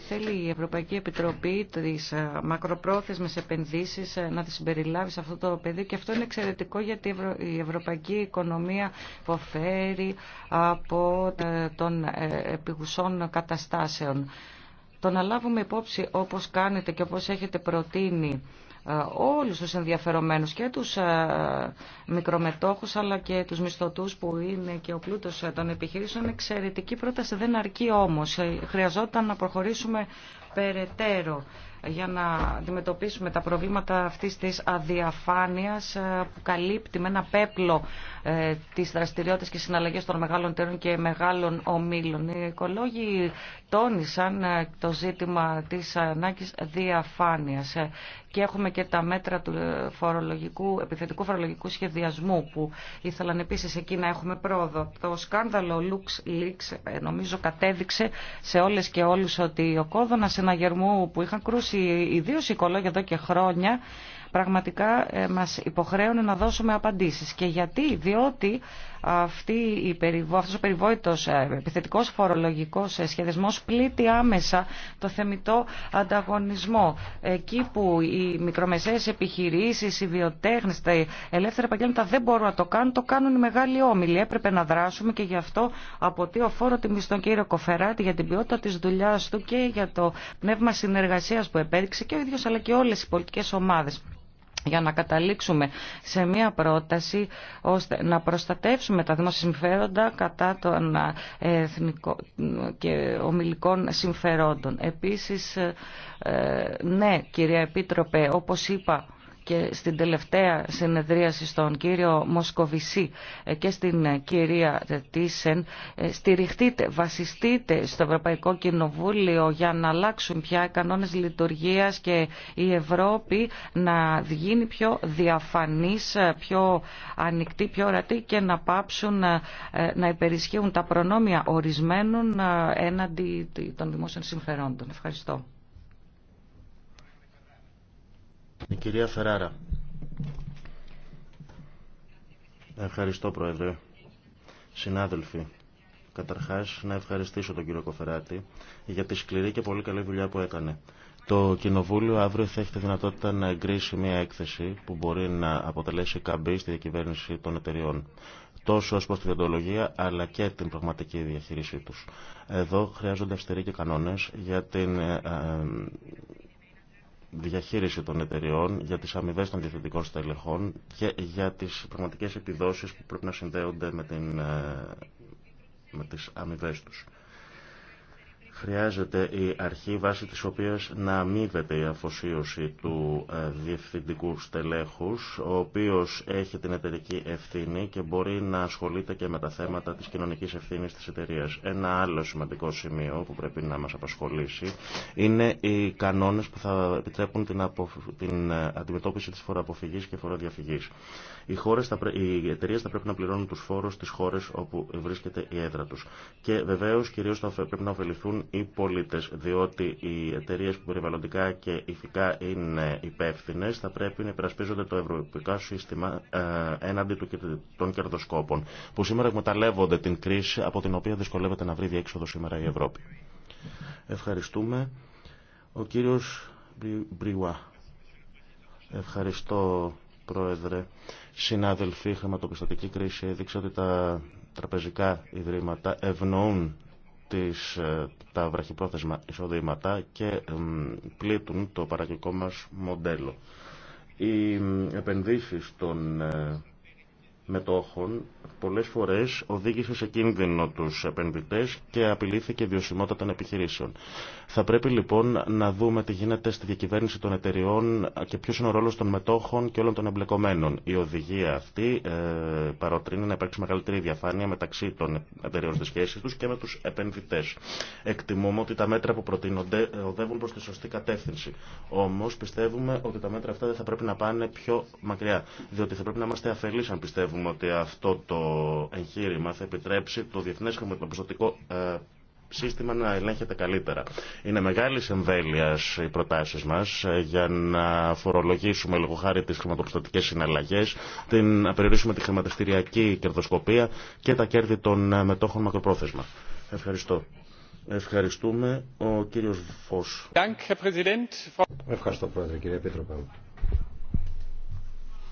θέλει η Ευρωπαϊκή Επιτροπή τι ε, μακροπρόθεσμες επενδύσεις ε, να τις συμπεριλάβει σε αυτό το πεδίο και αυτό είναι εξαιρετικό γιατί η ευρωπαϊκή οικονομία υποφέρει από ε, των επιγουσών καταστάσεων. Το να λάβουμε υπόψη όπως κάνετε και όπως έχετε προτείνει όλους τους ενδιαφερομένους και τους μικρομετόχους αλλά και τους μισθωτούς που είναι και ο πλούτος των επιχειρήσεων. Εξαιρετική πρόταση δεν αρκεί όμως. Ε, χρειαζόταν να προχωρήσουμε περαιτέρω για να αντιμετωπίσουμε τα προβλήματα αυτής της αδιαφάνειας ε, που καλύπτει με ένα πέπλο ε, τις δραστηριότητες και συναλλαγές των μεγάλων τέρων και μεγάλων ομίλων. Οι οικολόγοι τόνισαν ε, το ζήτημα της ανάγκης διαφάνειας και έχουμε και τα μέτρα του φορολογικού, επιθετικού φορολογικού σχεδιασμού που ήθελαν επίσης εκεί να έχουμε πρόοδο. Το σκάνδαλο Lux Leaks νομίζω κατέδειξε σε όλες και όλους ότι ο κόδωνας συναγερμού που είχαν κρούσει οι ιδίως οι οικολόγοι εδώ και χρόνια, πραγματικά ε, μας υποχρέουν να δώσουμε απαντήσεις. Και γιατί, διότι αυτή η περιβό, αυτός ο περιβόητος ε, επιθετικός φορολογικός ε, σχεδιασμός πλήττει άμεσα το θεμητό ανταγωνισμό. Εκεί που οι μικρομεσαίες επιχειρήσεις, οι βιοτέχνες, τα ελεύθερα επαγγέλματα δεν μπορούν να το κάνουν, το κάνουν οι μεγάλοι όμιλοι. Έπρεπε να δράσουμε και γι' αυτό αποτείω φόρο τιμή στον κύριο Κοφεράτη για την ποιότητα της δουλειάς του και για το πνεύμα συνεργασίας που επέδειξε και ο ίδιος αλλά και όλες οι πολιτικές ομάδες για να καταλήξουμε σε μια πρόταση ώστε να προστατεύσουμε τα δημόσια κατά των ε, εθνικών και ομιλικών συμφερόντων. Επίσης, ε, ε, ναι, κυρία Επίτροπε, όπως είπα, και στην τελευταία συνεδρίαση στον κύριο Μοσκοβισή ε, και στην ε, κυρία Τίσεν ε, στηριχτείτε, βασιστείτε στο Ευρωπαϊκό Κοινοβούλιο για να αλλάξουν πια οι κανόνες λειτουργίας και η Ευρώπη να γίνει πιο διαφανής, πιο ανοιχτή, πιο ορατή και να πάψουν να υπερισχύουν τα προνόμια ορισμένων έναντι των δημόσιων συμφερόντων. Ευχαριστώ. Η κυρία Φεράρα. Ευχαριστώ, Πρόεδρε. Συνάδελφοι, καταρχάς να ευχαριστήσω τον κύριο Κοφεράτη για τη σκληρή και πολύ καλή δουλειά που έκανε. Το Κοινοβούλιο αύριο θα έχει τη δυνατότητα να εγκρίσει μια έκθεση που μπορεί να αποτελέσει καμπή στη διακυβέρνηση των εταιριών τόσο ως προς τη διοντολογία, αλλά και την πραγματική διαχείρισή τους. Εδώ χρειάζονται αυστηροί και κανόνες για την ε, διαχείριση των εταιριών, για τις αμοιβέ των διευθυντικών στελεχών και για τις πραγματικές επιδόσεις που πρέπει να συνδέονται με, την, ε, με τις αμοιβέ τους. Χρειάζεται η αρχή βάση της οποίας να αμείβεται η αφοσίωση του ε, διευθυντικού στελέχους, ο οποίος έχει την εταιρική ευθύνη και μπορεί να ασχολείται και με τα θέματα της κοινωνικής ευθύνης της εταιρείας. Ένα άλλο σημαντικό σημείο που πρέπει να μας απασχολήσει είναι οι κανόνες που θα επιτρέπουν την, την ε, αντιμετώπιση της φοροαποφυγής και φοροδιαφυγής. Οι, χώρες θα πρέ... οι εταιρείες θα πρέπει να πληρώνουν τους φόρους στις χώρες όπου βρίσκεται η έδρα τους. Και βεβαίως κυρίως θα πρέπει να ωφεληθούν οι πολίτες, διότι οι εταιρείες που περιβαλλοντικά και ηθικά είναι υπεύθυνε θα πρέπει να υπερασπίζονται το ευρωπαϊκό σύστημα ε, έναντι των κερδοσκόπων, που σήμερα εκμεταλλεύονται την κρίση από την οποία δυσκολεύεται να βρει διέξοδο σήμερα η Ευρώπη. Ευχαριστούμε. Ο κύριος Μπριουά. Ευχαριστώ Πρόεδρε. Συνάδελφοι, η χρηματοπιστωτική κρίση έδειξε ότι τα τραπεζικά ιδρύματα ευνοούν τις, ε, τα βραχυπρόθεσμα εισοδήματα και πλήττουν το παραγωγικό μας μοντέλο. Οι επενδύσεις των ε, μετόχων πολλές φορές οδήγησε σε κίνδυνο τους επενδυτές και απειλήθηκε η βιωσιμότητα των επιχειρήσεων. Θα πρέπει λοιπόν να δούμε τι γίνεται στη διακυβέρνηση των εταιριών και ποιος είναι ο ρόλος των μετόχων και όλων των εμπλεκομένων. Η οδηγία αυτή ε, παροτρύνει να υπάρξει μεγαλύτερη διαφάνεια μεταξύ των εταιριών στις σχέσεις τους και με τους επενδυτές. Εκτιμούμε ότι τα μέτρα που προτείνονται ε, οδεύουν προς τη σωστή κατεύθυνση. Όμως πιστεύουμε ότι τα μέτρα αυτά δεν θα πρέπει να πάνε πιο μακριά, διότι θα πρέπει να είμαστε αφελείς αν πιστεύουμε ότι αυτό το εγχείρημα θα επιτρέψει το διεθνές χρηματοπιστωτικό ε, σύστημα να ελέγχεται καλύτερα. Είναι μεγάλη εμβέλεια οι προτάσει μα ε, για να φορολογήσουμε λόγω χάρη τι χρηματοπιστωτικέ συναλλαγέ, την, να περιορίσουμε τη χρηματιστηριακή κερδοσκοπία και τα κέρδη των ε, μετόχων μακροπρόθεσμα. Ευχαριστώ. Ευχαριστούμε. Ο κύριο Φως. Ευχαριστώ πρόεδρε κύριε Επίτροπε.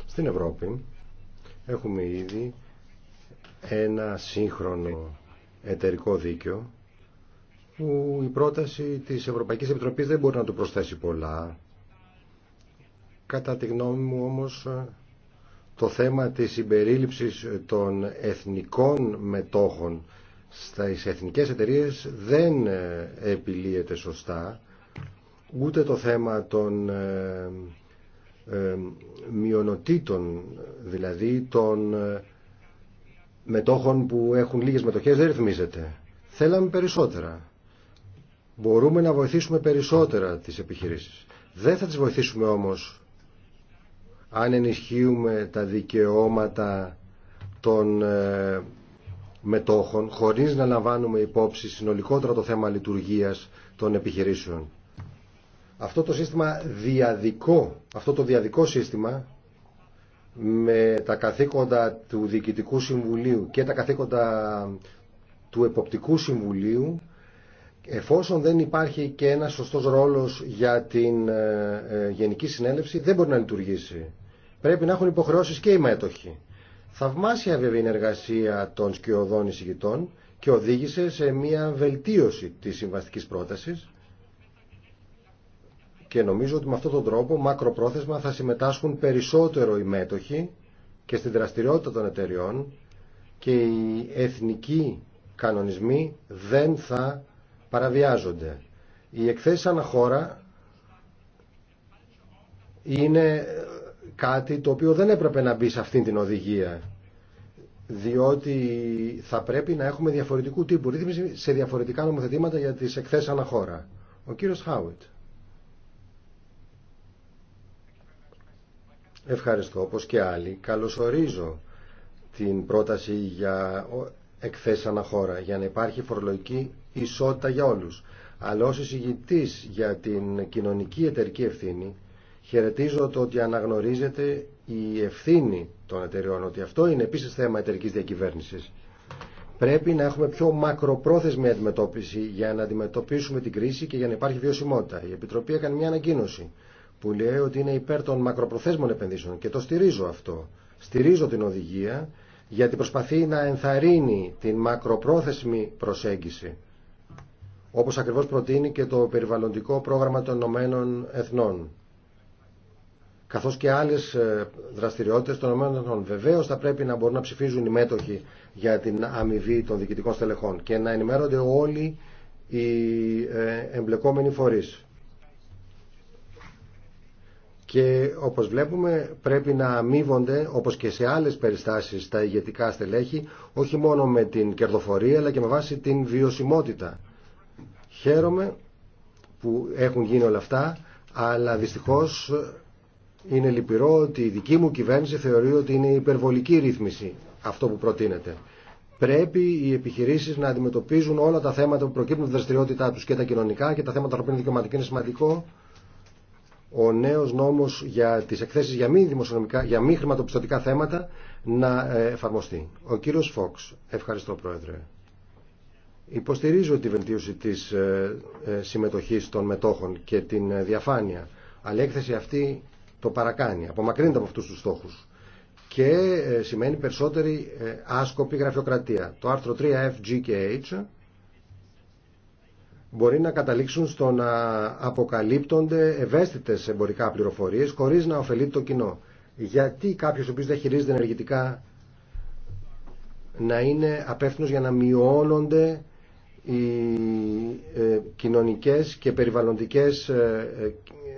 Στην Ευρώπη έχουμε ήδη ένα σύγχρονο εταιρικό δίκαιο που η πρόταση της Ευρωπαϊκής Επιτροπής δεν μπορεί να του προσθέσει πολλά. Κατά τη γνώμη μου όμως το θέμα της συμπερίληψης των εθνικών μετόχων στις εθνικές εταιρείες δεν ε, επιλύεται σωστά ούτε το θέμα των ε, ε, μειονοτήτων δηλαδή των μετόχων που έχουν λίγες μετοχές δεν ρυθμίζεται. Θέλαμε περισσότερα. Μπορούμε να βοηθήσουμε περισσότερα τις επιχειρήσεις. Δεν θα τις βοηθήσουμε όμως αν ενισχύουμε τα δικαιώματα των ε, μετόχων χωρίς να λαμβάνουμε υπόψη συνολικότερα το θέμα λειτουργίας των επιχειρήσεων. Αυτό το σύστημα διαδικό, αυτό το διαδικό σύστημα με τα καθήκοντα του Διοικητικού Συμβουλίου και τα καθήκοντα του Εποπτικού Συμβουλίου εφόσον δεν υπάρχει και ένας σωστός ρόλος για την ε, ε, Γενική Συνέλευση δεν μπορεί να λειτουργήσει. Πρέπει να έχουν υποχρεώσεις και οι μέτοχοι. Θαυμάσια βέβαια είναι εργασία των σκιωδών εισηγητών και οδήγησε σε μια βελτίωση της συμβαστικής πρότασης και νομίζω ότι με αυτόν τον τρόπο μακροπρόθεσμα θα συμμετάσχουν περισσότερο οι μέτοχοι και στην δραστηριότητα των εταιριών και οι εθνικοί κανονισμοί δεν θα παραβιάζονται. Οι εκθέσεις αναχώρα είναι κάτι το οποίο δεν έπρεπε να μπει σε αυτήν την οδηγία διότι θα πρέπει να έχουμε διαφορετικού τύπου ρύθμιση σε διαφορετικά νομοθετήματα για τις εκθέσεις αναχώρα. Ο κύριος Χάουιτ. Ευχαριστώ, όπως και άλλοι. Καλωσορίζω την πρόταση για εκθέσεις αναχώρα, για να υπάρχει φορολογική ισότητα για όλους. Αλλά ως εισηγητής για την κοινωνική εταιρική ευθύνη, χαιρετίζω το ότι αναγνωρίζεται η ευθύνη των εταιριών, ότι αυτό είναι επίσης θέμα εταιρικής διακυβέρνησης. Πρέπει να έχουμε πιο μακροπρόθεσμη αντιμετώπιση για να αντιμετωπίσουμε την κρίση και για να υπάρχει βιωσιμότητα. Η Επιτροπή έκανε μια ανακοίνωση που λέει ότι είναι υπέρ των μακροπροθέσμων επενδύσεων και το στηρίζω αυτό. Στηρίζω την οδηγία γιατί προσπαθεί να ενθαρρύνει την μακροπρόθεσμη προσέγγιση όπως ακριβώς προτείνει και το περιβαλλοντικό πρόγραμμα των Ηνωμένων Εθνών καθώς και άλλες ε, δραστηριότητες των Ηνωμένων Εθνών. Βεβαίως θα πρέπει να μπορούν να ψηφίζουν οι μέτοχοι για την αμοιβή των διοικητικών στελεχών και να ενημέρονται όλοι οι ε, εμπλεκόμενοι φορείς και όπως βλέπουμε πρέπει να αμείβονται όπως και σε άλλες περιστάσεις τα ηγετικά στελέχη όχι μόνο με την κερδοφορία αλλά και με βάση την βιωσιμότητα. Χαίρομαι που έχουν γίνει όλα αυτά αλλά δυστυχώς είναι λυπηρό ότι η δική μου κυβέρνηση θεωρεί ότι είναι υπερβολική ρύθμιση αυτό που προτείνεται. Πρέπει οι επιχειρήσεις να αντιμετωπίζουν όλα τα θέματα που προκύπτουν τη δραστηριότητά τους και τα κοινωνικά και τα θέματα που είναι δικαιωματικά είναι σημαντικό ο νέος νόμος για τις εκθέσει για μη, δημοσιονομικά, για μη χρηματοπιστωτικά θέματα να ε, εφαρμοστεί. Ο κύριος Φόξ, ευχαριστώ Πρόεδρε. Υποστηρίζω τη βελτίωση της ε, ε, συμμετοχής των μετόχων και την διαφάνεια, αλλά η έκθεση αυτή το παρακάνει, απομακρύνεται από αυτούς τους στόχους και σημαίνει περισσότερη άσκοπη γραφειοκρατία. Το άρθρο 3F, μπορεί να καταλήξουν στο να αποκαλύπτονται ευαίσθητε εμπορικά πληροφορίε χωρίς να ωφελεί το κοινό. Γιατί κάποιο ο οποίο δεν χειρίζεται ενεργητικά να είναι απεύθυνο για να μειώνονται οι ε, κοινωνικές και περιβαλλοντικές ε,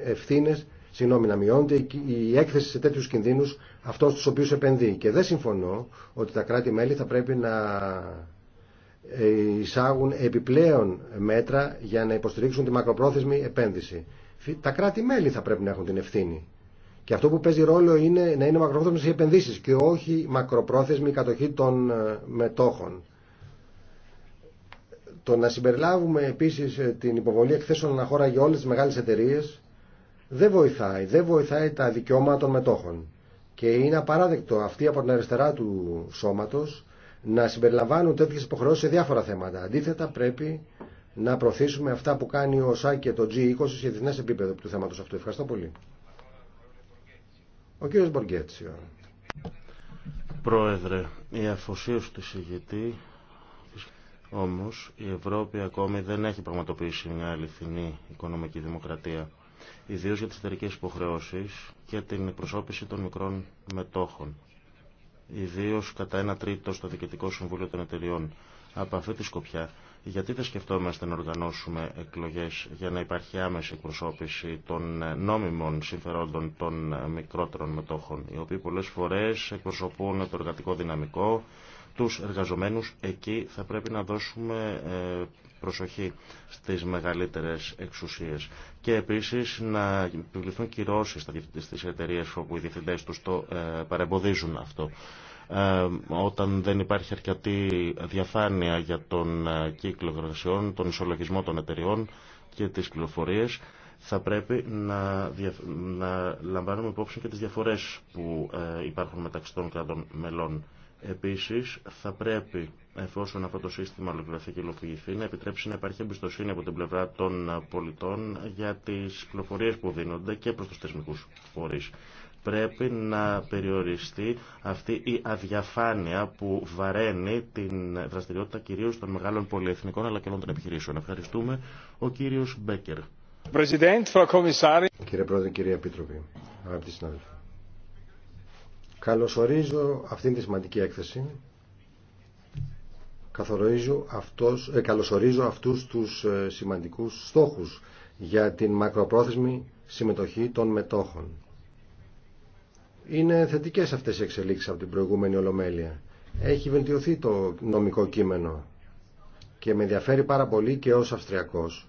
ε, ευθύνες συγγνώμη, να μειώνεται η έκθεση σε τέτοιου κινδύνου αυτός στου οποίου επενδύει. Και δεν συμφωνώ ότι τα κράτη-μέλη θα πρέπει να εισάγουν επιπλέον μέτρα για να υποστηρίξουν τη μακροπρόθεσμη επένδυση. Τα κράτη-μέλη θα πρέπει να έχουν την ευθύνη. Και αυτό που παίζει ρόλο είναι να είναι μακροπρόθεσμες οι επενδύσεις και όχι μακροπρόθεσμη κατοχή των ε, μετόχων. Το να συμπεριλάβουμε επίσης ε, την υποβολή εκθέσεων αναχώρα για όλες τις μεγάλες εταιρείες δεν βοηθάει. Δεν βοηθάει τα δικαιώματα των μετόχων. Και είναι απαράδεκτο αυτή από την αριστερά του σώματος να συμπεριλαμβάνουν τέτοιες υποχρεώσεις σε διάφορα θέματα. Αντίθετα πρέπει να προωθήσουμε αυτά που κάνει ο ΣΑΚ και το G20 σε διεθνές επίπεδο του θέματος αυτού. Ευχαριστώ πολύ. Ο κύριος Μποργέτσιο. Πρόεδρε, η αφοσίωση της ηγετή, όμως η Ευρώπη ακόμη δεν έχει πραγματοποιήσει μια αληθινή οικονομική δημοκρατία ιδίως για τις εταιρικές υποχρεώσεις και την προσώπηση των μικρών μετόχων ιδίω κατά ένα τρίτο στο Διοικητικό Συμβούλιο των Εταιριών. Από αυτή τη σκοπιά, γιατί δεν σκεφτόμαστε να οργανώσουμε εκλογέ για να υπάρχει άμεση εκπροσώπηση των νόμιμων συμφερόντων των μικρότερων μετόχων, οι οποίοι πολλέ φορέ εκπροσωπούν το εργατικό δυναμικό, τους εργαζομένους. Εκεί θα πρέπει να δώσουμε ε, προσοχή στις μεγαλύτερες εξουσίες. Και επίσης να επιβληθούν κυρώσεις στις εταιρείε όπου οι διευθυντές τους το ε, παρεμποδίζουν αυτό ε, όταν δεν υπάρχει αρκετή διαφάνεια για τον ε, κύκλο εργασιών, τον ισολογισμό των εταιρεών και τις πληροφορίες, θα πρέπει να, να λαμβάνουμε υπόψη και τις διαφορές που υπάρχουν μεταξύ των κρατών μελών. Επίσης, θα πρέπει, εφόσον αυτό το σύστημα ολοκληρωθεί και υλοποιηθεί, να επιτρέψει να υπάρχει εμπιστοσύνη από την πλευρά των πολιτών για τις πληροφορίες που δίνονται και προς τους θεσμικούς φορείς. Πρέπει να περιοριστεί αυτή η αδιαφάνεια που βαραίνει την δραστηριότητα κυρίως των μεγάλων πολυεθνικών αλλά και όλων των επιχειρήσεων. Ευχαριστούμε. Ο κύριος Μπέκερ. Κύριε Πρόεδρε, κύριε Επίτροπη, αγαπητοί συνάδελφοι. Καλωσορίζω αυτήν τη σημαντική έκθεση. Καθορίζω αυτός, ε, καλωσορίζω αυτούς τους ε, σημαντικούς στόχους για την μακροπρόθεσμη συμμετοχή των μετόχων. Είναι θετικές αυτές οι εξελίξεις από την προηγούμενη Ολομέλεια. Έχει βελτιωθεί το νομικό κείμενο και με ενδιαφέρει πάρα πολύ και ως Αυστριακός.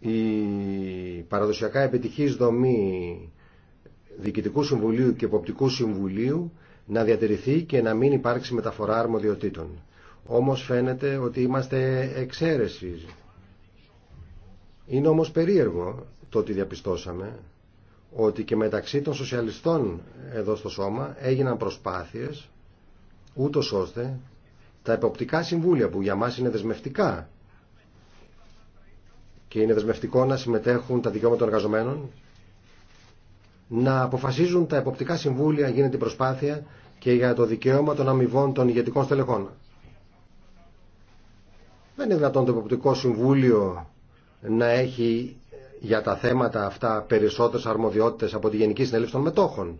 Η παραδοσιακά επιτυχής δομή Διοικητικού Συμβουλίου και Εποπτικού Συμβουλίου να διατηρηθεί και να μην υπάρξει μεταφορά αρμοδιοτήτων. Όμως φαίνεται ότι είμαστε εξαίρεση. Είναι όμως περίεργο το ότι διαπιστώσαμε ότι και μεταξύ των σοσιαλιστών εδώ στο σώμα έγιναν προσπάθειες ούτω ώστε τα εποπτικά συμβούλια που για μας είναι δεσμευτικά και είναι δεσμευτικό να συμμετέχουν τα δικαιώματα των εργαζομένων να αποφασίζουν τα εποπτικά συμβούλια γίνεται προσπάθεια και για το δικαίωμα των αμοιβών των ηγετικών στελεχών. Δεν είναι δυνατόν το εποπτικό συμβούλιο να έχει για τα θέματα αυτά περισσότερες αρμοδιότητες από τη Γενική Συνέλευση των Μετόχων.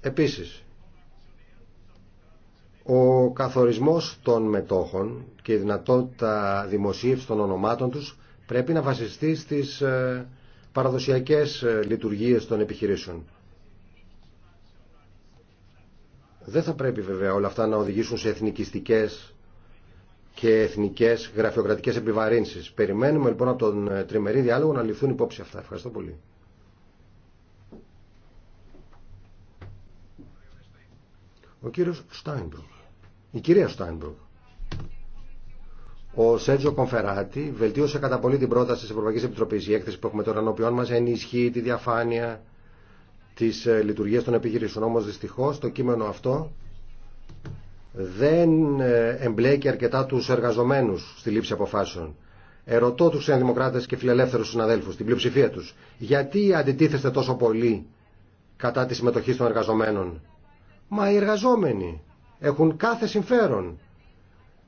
Επίσης, ο καθορισμός των μετόχων και η δυνατότητα δημοσίευσης των ονομάτων τους πρέπει να βασιστεί στις ε, παραδοσιακές ε, λειτουργίες των επιχειρήσεων. Δεν θα πρέπει βέβαια όλα αυτά να οδηγήσουν σε εθνικιστικές και εθνικές γραφειοκρατικές επιβαρύνσεις. Περιμένουμε λοιπόν από τον ε, τριμερή διάλογο να ληφθούν υπόψη αυτά. Ευχαριστώ πολύ. Ο κύριος Στάινμπρουκ. Η κυρία Στάινμπρουκ. Ο Σέτζο Κομφεράτη βελτίωσε κατά πολύ την πρόταση τη Ευρωπαϊκή Επιτροπή. Η έκθεση που έχουμε τώρα ενώπιον μα ενισχύει τη διαφάνεια τη ε, λειτουργία των επιχειρήσεων. Όμω δυστυχώ το κείμενο αυτό δεν ε, εμπλέκει αρκετά του εργαζομένου στη λήψη αποφάσεων. Ερωτώ του συνδημοκράτε και φιλελεύθερου συναδέλφου, την πλειοψηφία του, γιατί αντιτίθεστε τόσο πολύ κατά τη συμμετοχή των εργαζομένων. Μα οι εργαζόμενοι έχουν κάθε συμφέρον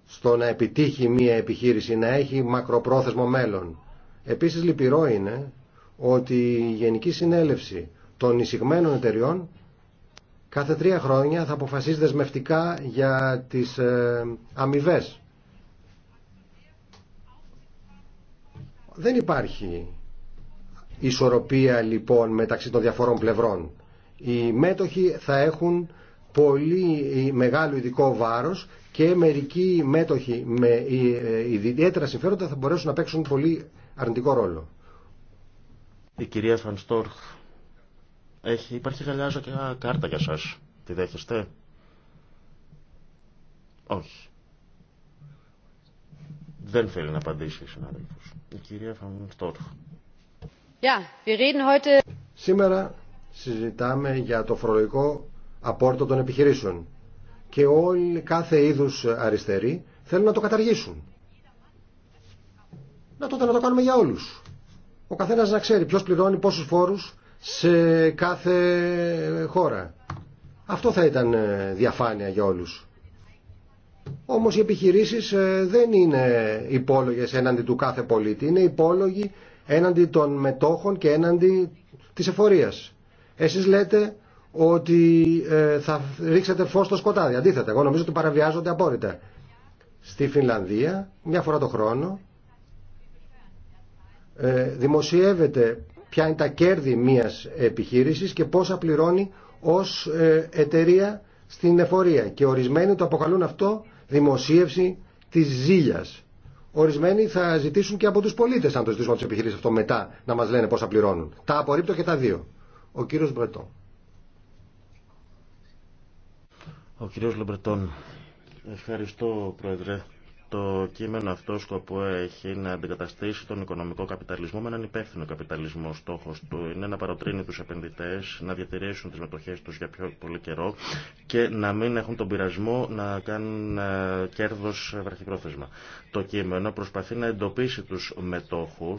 στο να επιτύχει μια επιχείρηση, να έχει μακροπρόθεσμο μέλλον. Επίσης λυπηρό είναι ότι η Γενική Συνέλευση των εισηγμένων εταιριών κάθε τρία χρόνια θα αποφασίζει δεσμευτικά για τις ε, αμοιβέ. Δεν υπάρχει ισορροπία λοιπόν μεταξύ των διαφορών πλευρών. Οι μέτοχοι θα έχουν πολύ μεγάλο ειδικό βάρος και μερικοί μέτοχοι με ε, ε, ιδιαίτερα συμφέροντα θα μπορέσουν να παίξουν πολύ αρνητικό ρόλο. Η κυρία Φανστόρχ, έχει, υπάρχει γαλιάζω και κάρτα για σας. Τη δέχεστε? Όχι. Δεν θέλει να απαντήσει η συνάδελφος. Η κυρία Φανστόρχ. Yeah, Σήμερα συζητάμε για το φορολογικό απόρριτο των επιχειρήσεων. Και όλοι κάθε είδους αριστεροί θέλουν να το καταργήσουν. Να τότε να το κάνουμε για όλους. Ο καθένας να ξέρει ποιος πληρώνει πόσους φόρους σε κάθε χώρα. Αυτό θα ήταν ε, διαφάνεια για όλους. Όμως οι επιχειρήσεις ε, δεν είναι υπόλογες έναντι του κάθε πολίτη. Είναι υπόλογοι έναντι των μετόχων και έναντι της εφορίας. Εσείς λέτε ότι ε, θα ρίξετε φως στο σκοτάδι. Αντίθετα, εγώ νομίζω ότι παραβιάζονται απόρριτα. Στη Φινλανδία, μια φορά το χρόνο, ε, δημοσιεύεται ποια είναι τα κέρδη μιας επιχείρησης και πόσα πληρώνει ως ε, εταιρεία στην εφορία. Και ορισμένοι το αποκαλούν αυτό δημοσίευση της ζήλιας. Ορισμένοι θα ζητήσουν και από τους πολίτες, αν το ζήτησουμε από τις αυτό μετά, να μας λένε πόσα πληρώνουν. Τα απορρίπτω και τα δύο. Ο κύριος Μπρετό. Ο κύριος Λεμπρετών. Ευχαριστώ, Πρόεδρε. Το κείμενο αυτό σκοπό έχει να αντικαταστήσει τον οικονομικό καπιταλισμό με έναν υπεύθυνο καπιταλισμό. Στόχο του είναι να παροτρύνει του επενδυτέ να διατηρήσουν τι μετοχέ του για πιο πολύ καιρό και να μην έχουν τον πειρασμό να κάνουν ε, κέρδο βραχυπρόθεσμα. Το κείμενο προσπαθεί να εντοπίσει του μετόχου.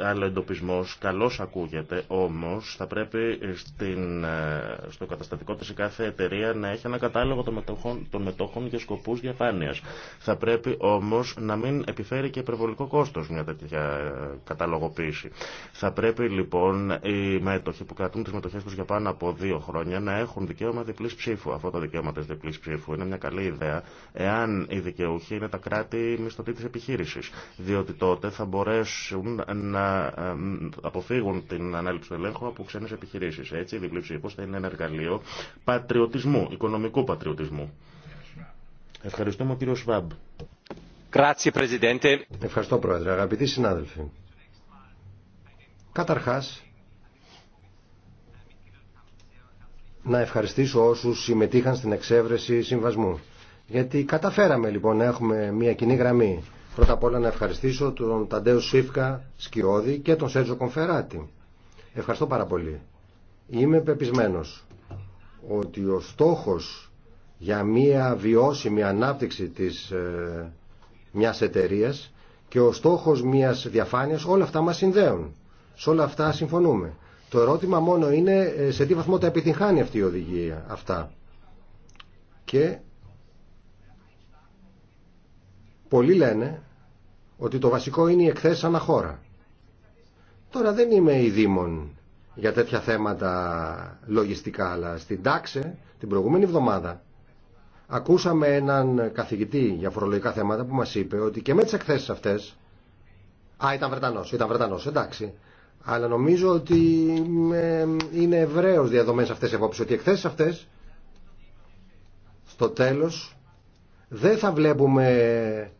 Ε, άλλο εντοπισμό καλώ ακούγεται, όμω θα πρέπει στην, ε, στο καταστατικό τη κάθε εταιρεία να έχει ένα κατάλογο των μετόχων, των μετόχων για σκοπού διαφάνεια. Θα πρέπει Όμω όμως να μην επιφέρει και υπερβολικό κόστος μια τέτοια ε, καταλογοποίηση. Θα πρέπει λοιπόν οι μέτοχοι που κρατούν τις μετοχές τους για πάνω από δύο χρόνια να έχουν δικαίωμα διπλής ψήφου. Αυτό το δικαίωμα της διπλής ψήφου είναι μια καλή ιδέα εάν οι δικαιούχοι είναι τα κράτη μισθωτή της επιχείρησης. Διότι τότε θα μπορέσουν να ε, αποφύγουν την ανάληψη του ελέγχου από ξένες επιχειρήσεις. Έτσι η διπλή ψήφος θα είναι ένα εργαλείο πατριωτισμού, οικονομικού πατριωτισμού. Ευχαριστούμε κύριο Σβάμπ. Ευχαριστώ Πρόεδρε. Αγαπητοί συνάδελφοι. Καταρχάς, να ευχαριστήσω όσους συμμετείχαν στην εξέβρεση συμβασμού. Γιατί καταφέραμε λοιπόν να έχουμε μια κοινή γραμμή. Πρώτα απ' όλα να ευχαριστήσω τον Ταντέο Σίφκα Σκιώδη και τον Σέρζο Κομφεράτη. Ευχαριστώ πάρα πολύ. Είμαι πεπισμένος ότι ο στόχος για μια βιώσιμη ανάπτυξη της ε, μιας εταιρείας και ο στόχος μιας διαφάνειας, όλα αυτά μας συνδέουν. Σε όλα αυτά συμφωνούμε. Το ερώτημα μόνο είναι ε, σε τι βαθμό τα επιτυγχάνει αυτή η οδηγία αυτά. Και πολλοί λένε ότι το βασικό είναι οι εκθέσεις αναχώρα. Τώρα δεν είμαι η για τέτοια θέματα λογιστικά, αλλά στην τάξη την προηγούμενη εβδομάδα Ακούσαμε έναν καθηγητή για φορολογικά θέματα που μας είπε ότι και με τις εκθέσεις αυτές... Α, ήταν Βρετανός, ήταν Βρετανός, εντάξει. Αλλά νομίζω ότι ε, είναι ευρέως διαδομένες αυτές οι ότι οι εκθέσεις αυτές στο τέλος δεν θα βλέπουμε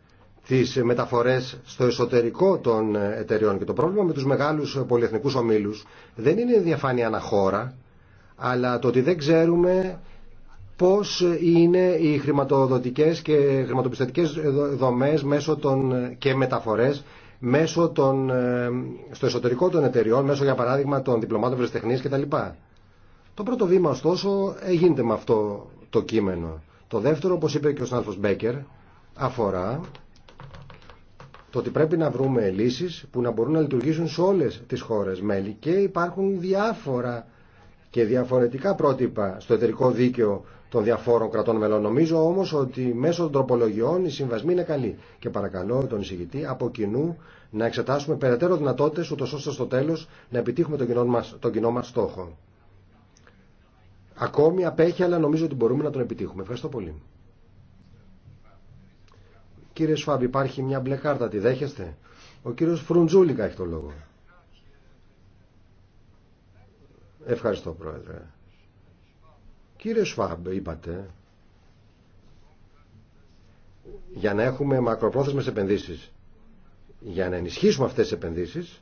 τις μεταφορές στο εσωτερικό των εταιριών. Και το πρόβλημα με τους μεγάλους πολυεθνικούς ομίλους δεν είναι διαφάνεια αναχώρα, αλλά το ότι δεν ξέρουμε πώς είναι οι χρηματοδοτικές και χρηματοπιστωτικές δομές μέσω των, και μεταφορές μέσω των, ε, στο εσωτερικό των εταιριών, μέσω για παράδειγμα των διπλωμάτων βρεστεχνίας κτλ. Το πρώτο βήμα ωστόσο ε, γίνεται με αυτό το κείμενο. Το δεύτερο, όπως είπε και ο Σνάλφος Μπέκερ, αφορά το ότι πρέπει να βρούμε λύσεις που να μπορούν να λειτουργήσουν σε όλες τις χώρες μέλη και υπάρχουν διάφορα και διαφορετικά πρότυπα στο εταιρικό δίκαιο των διαφόρων κρατών μελών. Νομίζω όμω ότι μέσω των τροπολογιών οι συμβασμοί είναι καλοί. Και παρακαλώ τον εισηγητή από κοινού να εξετάσουμε περαιτέρω δυνατότητε, ούτω ώστε στο τέλο να επιτύχουμε τον κοινό μας, στόχο. Ακόμη απέχει, αλλά νομίζω ότι μπορούμε να τον επιτύχουμε. Ευχαριστώ πολύ. Κύριε Σφάμπ, υπάρχει μια μπλε κάρτα, τη δέχεστε. Ο κύριο Φρουντζούλικα έχει το λόγο. Ευχαριστώ, Πρόεδρε. Κύριε Σφάμπ, είπατε, για να έχουμε μακροπρόθεσμες επενδύσεις, για να ενισχύσουμε αυτές τις επενδύσεις,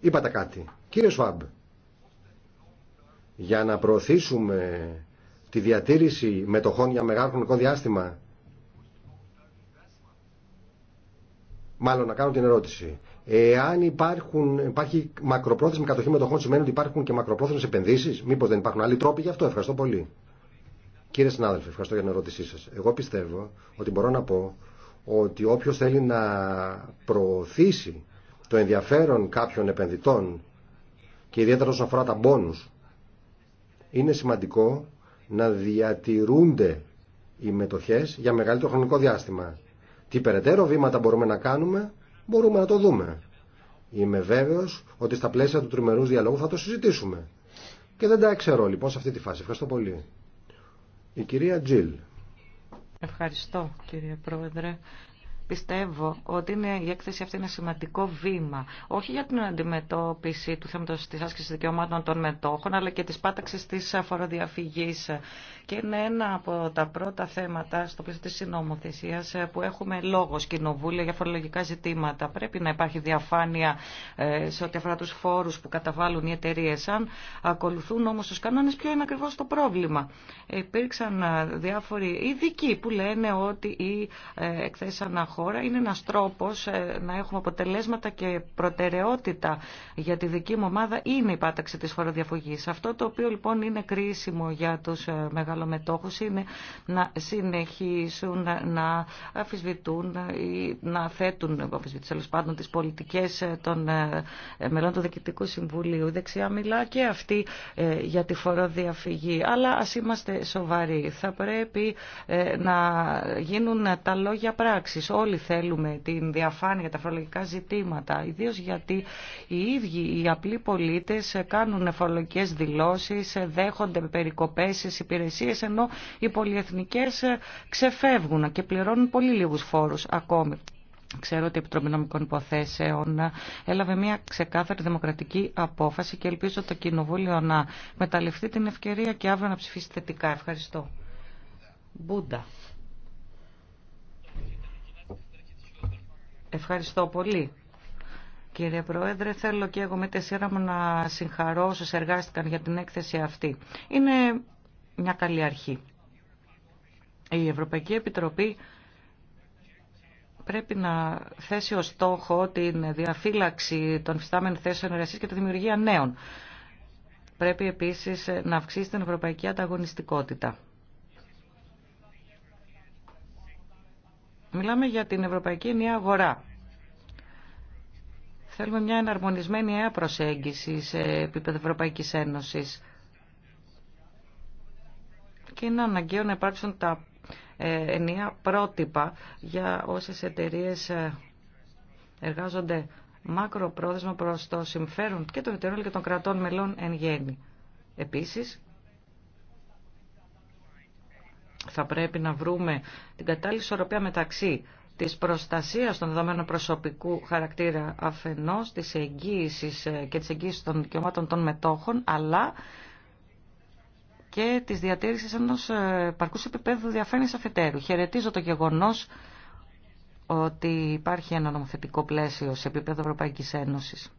είπατε κάτι. Κύριε Σφάμπ, για να προωθήσουμε τη διατήρηση μετοχών για μεγάλο χρονικό διάστημα, μάλλον να κάνω την ερώτηση, Εάν υπάρχουν, υπάρχει μακροπρόθεσμη κατοχή μετοχών, σημαίνει ότι υπάρχουν και μακροπρόθεσμε επενδύσει. Μήπω δεν υπάρχουν άλλοι τρόποι γι' αυτό. Ευχαριστώ πολύ. Κύριε συνάδελφε, ευχαριστώ για την ερώτησή σα. Εγώ πιστεύω ότι μπορώ να πω ότι όποιο θέλει να προωθήσει το ενδιαφέρον κάποιων επενδυτών και ιδιαίτερα όσον αφορά τα μπόνου, είναι σημαντικό να διατηρούνται οι μετοχέ για μεγαλύτερο χρονικό διάστημα. Τι περαιτέρω βήματα μπορούμε να κάνουμε Μπορούμε να το δούμε. Είμαι βέβαιος ότι στα πλαίσια του τριμερούς διαλόγου θα το συζητήσουμε. Και δεν τα ξέρω λοιπόν σε αυτή τη φάση. Ευχαριστώ πολύ. Η κυρία Τζιλ. Ευχαριστώ κύριε Πρόεδρε. Πιστεύω ότι είναι, η έκθεση αυτή είναι σημαντικό βήμα, όχι για την αντιμετώπιση του θέματος της άσκησης δικαιωμάτων των μετόχων, αλλά και της πάταξης της φοροδιαφυγής. Και είναι ένα από τα πρώτα θέματα στο πλαίσιο της συνομοθεσίας ε, που έχουμε λόγο κοινοβούλια για φορολογικά ζητήματα. Πρέπει να υπάρχει διαφάνεια ε, σε ό,τι αφορά τους φόρους που καταβάλουν οι εταιρείε. Αν ακολουθούν όμως τους κανόνες, ποιο είναι ακριβώς το πρόβλημα. Υπήρξαν ε, διάφοροι ειδικοί που λένε ότι οι χώρα είναι ένας τρόπος ε, να έχουμε αποτελέσματα και προτεραιότητα για τη δική μου ομάδα είναι η πάταξη της φοροδιαφυγής. Αυτό το οποίο λοιπόν είναι κρίσιμο για τους ε, μεγαλομετόχους είναι να συνεχίσουν να αφισβητούν ή να θέτουν τέλο πάντων τις πολιτικές ε, των μελών του Διοικητικού Συμβουλίου. Η δεξιά μελων του διοικητικου συμβουλιου δεξια μιλα και αυτή για τη φοροδιαφυγή. Αλλά ας είμαστε σοβαροί. Θα πρέπει να γίνουν τα λόγια πράξη όλοι θέλουμε την διαφάνεια για τα φορολογικά ζητήματα, ιδίως γιατί οι ίδιοι οι απλοί πολίτες κάνουν φορολογικέ δηλώσει, δέχονται περικοπές στι υπηρεσίες, ενώ οι πολυεθνικές ξεφεύγουν και πληρώνουν πολύ λίγους φόρους ακόμη. Ξέρω ότι η Επιτροπή Νομικών Υποθέσεων έλαβε μια ξεκάθαρη δημοκρατική απόφαση και ελπίζω το Κοινοβούλιο να μεταλλευτεί την ευκαιρία και αύριο να ψηφίσει θετικά. Ευχαριστώ. Ευχαριστώ πολύ. Κύριε Πρόεδρε, θέλω και εγώ με τέσσερα μου να συγχαρώ όσους εργάστηκαν για την έκθεση αυτή. Είναι μια καλή αρχή. Η Ευρωπαϊκή Επιτροπή πρέπει να θέσει ως στόχο την διαφύλαξη των φυστάμενων θέσεων εργασίας και τη δημιουργία νέων. Πρέπει επίσης να αυξήσει την ευρωπαϊκή ανταγωνιστικότητα. Μιλάμε για την Ευρωπαϊκή Ενιαία Αγορά. Θέλουμε μια εναρμονισμένη νέα προσέγγιση σε επίπεδο Ευρωπαϊκής Ένωσης. Και είναι αναγκαίο να υπάρξουν τα ε, ενιαία πρότυπα για όσες εταιρείες ε, εργάζονται μακροπρόθεσμα προς το συμφέρον και των εταιρεών και των κρατών μελών εν γέννη. Επίσης, θα πρέπει να βρούμε την κατάλληλη ισορροπία μεταξύ της προστασίας των δεδομένων προσωπικού χαρακτήρα αφενός, της εγγύησης ε, και της εγγύησης των δικαιωμάτων των μετόχων, αλλά και της διατήρησης ενός ε, παρκούς επίπεδου διαφάνειας αφετέρου. Χαιρετίζω το γεγονός ότι υπάρχει ένα νομοθετικό πλαίσιο σε επίπεδο Ευρωπαϊκής Ένωσης.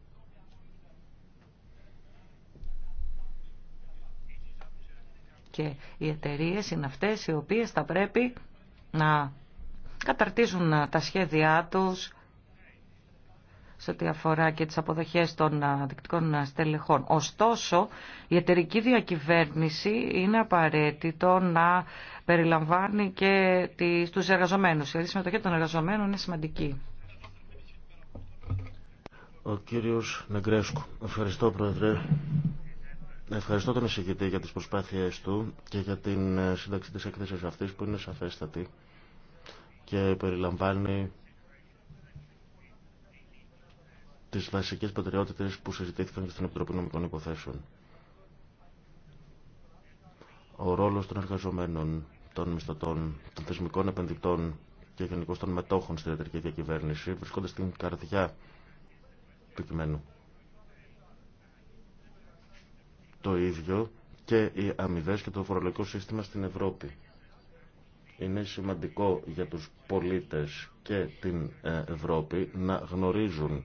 και οι εταιρείε είναι αυτές οι οποίες θα πρέπει να καταρτίζουν ε, τα σχέδιά τους σε ό,τι αφορά και τις αποδοχές των ε, δικτικών ε, στελεχών. Ωστόσο, η εταιρική διακυβέρνηση είναι απαραίτητο να περιλαμβάνει και τους εργαζομένους. Η δηλαδή, συμμετοχή των εργαζομένων είναι σημαντική. Ο κύριος Νεγκρέσκου. Ευχαριστώ, Ευχαριστώ τον εισηγητή για τις προσπάθειές του και για την ε, σύνταξη της έκθεσης αυτής που είναι σαφέστατη και περιλαμβάνει τις βασικές προτεραιότητες που συζητήθηκαν και στην Επιτροπή Νομικών Υποθέσεων. Ο ρόλος των εργαζομένων, των μισθωτών, των θεσμικών επενδυτών και γενικώ των μετόχων στην ιατρική διακυβέρνηση βρισκόνται στην καρδιά του κειμένου το ίδιο και οι αμοιβέ και το φορολογικό σύστημα στην Ευρώπη. Είναι σημαντικό για τους πολίτες και την ε, Ευρώπη να γνωρίζουν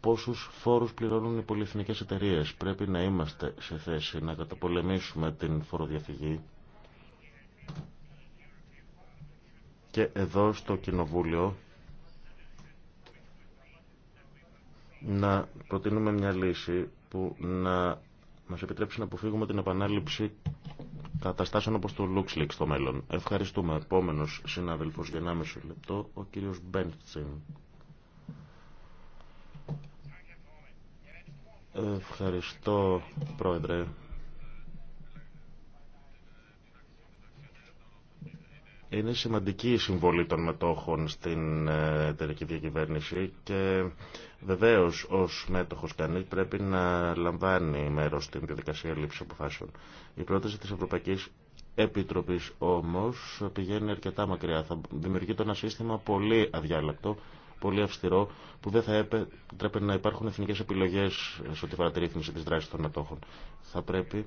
πόσους φόρους πληρώνουν οι πολυεθνικές εταιρείες. Πρέπει να είμαστε σε θέση να καταπολεμήσουμε την φοροδιαφυγή και εδώ στο Κοινοβούλιο να προτείνουμε μια λύση που να μας επιτρέψει να αποφύγουμε την επανάληψη καταστάσεων όπως το LuxLeaks στο μέλλον. Ευχαριστούμε. Επόμενος συνάδελφος για μισό λεπτό, ο κύριος Μπέντσιν. Ευχαριστώ, Πρόεδρε. Είναι σημαντική η συμβολή των μετόχων στην ε, εταιρική διακυβέρνηση και βεβαίως ως μέτοχος κανείς πρέπει να λαμβάνει μέρος στην διαδικασία λήψη αποφάσεων. Η πρόταση της Ευρωπαϊκής Επιτροπής όμως πηγαίνει αρκετά μακριά. Θα δημιουργεί το ένα σύστημα πολύ αδιάλακτο πολύ αυστηρό που δεν θα έπρεπε να υπάρχουν εθνικές επιλογές σε ό,τι τη ρύθμιση της δράσης των μετόχων. Θα πρέπει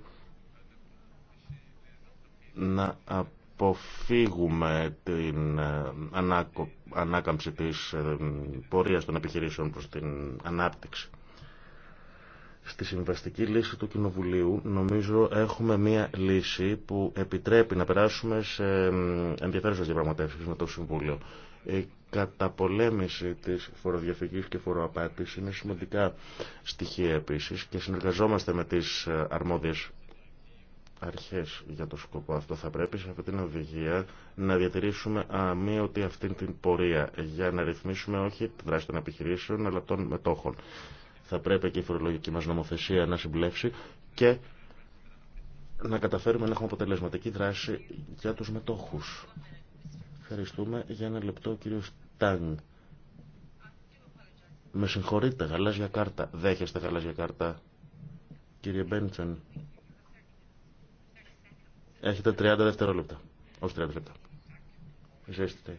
να αποφύγουμε την ε, ανάκαμψη της ε, πορείας των επιχειρήσεων προς την ανάπτυξη. Στη συμβαστική λύση του Κοινοβουλίου νομίζω έχουμε μία λύση που επιτρέπει να περάσουμε σε ενδιαφέρουσες διαπραγματεύσεις με το Συμβούλιο. Η καταπολέμηση της φοροδιαφυγής και φοροαπάτης είναι σημαντικά στοιχεία επίσης και συνεργαζόμαστε με τις ε, αρμόδιες αρχές για το σκοπό αυτό. Θα πρέπει σε αυτή την οδηγία να διατηρήσουμε αμύωτη αυτή την πορεία για να ρυθμίσουμε όχι τη δράση των επιχειρήσεων αλλά των μετόχων. Θα πρέπει και η φορολογική μας νομοθεσία να συμπλέψει και να καταφέρουμε να έχουμε αποτελεσματική δράση για τους μετόχους. Ευχαριστούμε για ένα λεπτό κύριο κύριος Με συγχωρείτε, γαλάζια κάρτα. Δέχεστε γαλάζια κάρτα. Κύριε Μπέντσεν. Έχετε 30 δευτερόλεπτα. Όχι 30 λεπτά. Ζέστητε.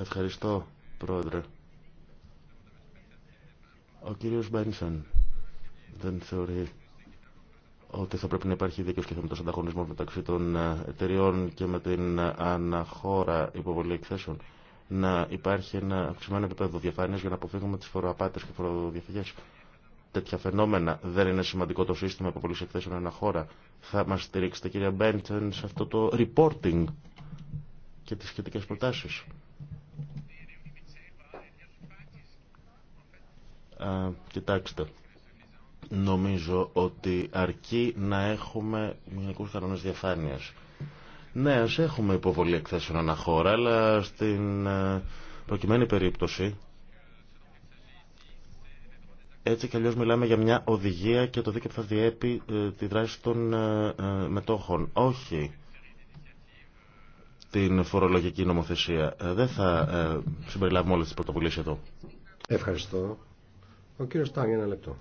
Ευχαριστώ, Πρόεδρε. Ο κύριος Μπένσον δεν θεωρεί ότι θα πρέπει να υπάρχει δίκαιο και θεμητό ανταγωνισμό μεταξύ των ε, εταιριών και με την ε, αναχώρα υποβολή εκθέσεων. Να υπάρχει ένα αυξημένο επίπεδο διαφάνεια για να αποφύγουμε τι φοροαπάτε και φοροδιαφυγέ τέτοια φαινόμενα δεν είναι σημαντικό το σύστημα από πολλές εκθέσεων ανά χώρα. Θα μας στηρίξετε κυρία Μπέντσεν σε αυτό το reporting και τις σχετικές προτάσεις. κοιτάξτε, νομίζω ότι αρκεί να έχουμε γενικού κανόνες διαφάνειας. Ναι, ας έχουμε υποβολή εκθέσεων χώρα, αλλά στην ε, προκειμένη περίπτωση έτσι κι αλλιώ μιλάμε για μια οδηγία και το δίκαιο θα διέπει ε, τη δράση των ε, ε, μετόχων. Όχι την φορολογική νομοθεσία. Δεν θα συμπεριλάβουμε όλε τι πρωτοβουλίε εδώ. Ευχαριστώ. Ο κύριος Τάγκη, ένα λεπτό.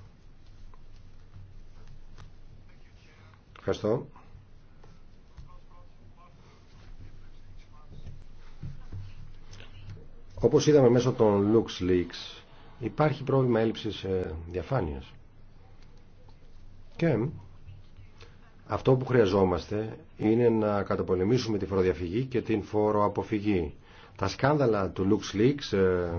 Ευχαριστώ. Όπως είδαμε μέσω των LuxLeaks, Υπάρχει πρόβλημα έλλειψης ε, διαφάνειας. Και αυτό που χρειαζόμαστε είναι να καταπολεμήσουμε τη φοροδιαφυγή και την φοροαποφυγή. Τα σκάνδαλα του LuxLeaks ε,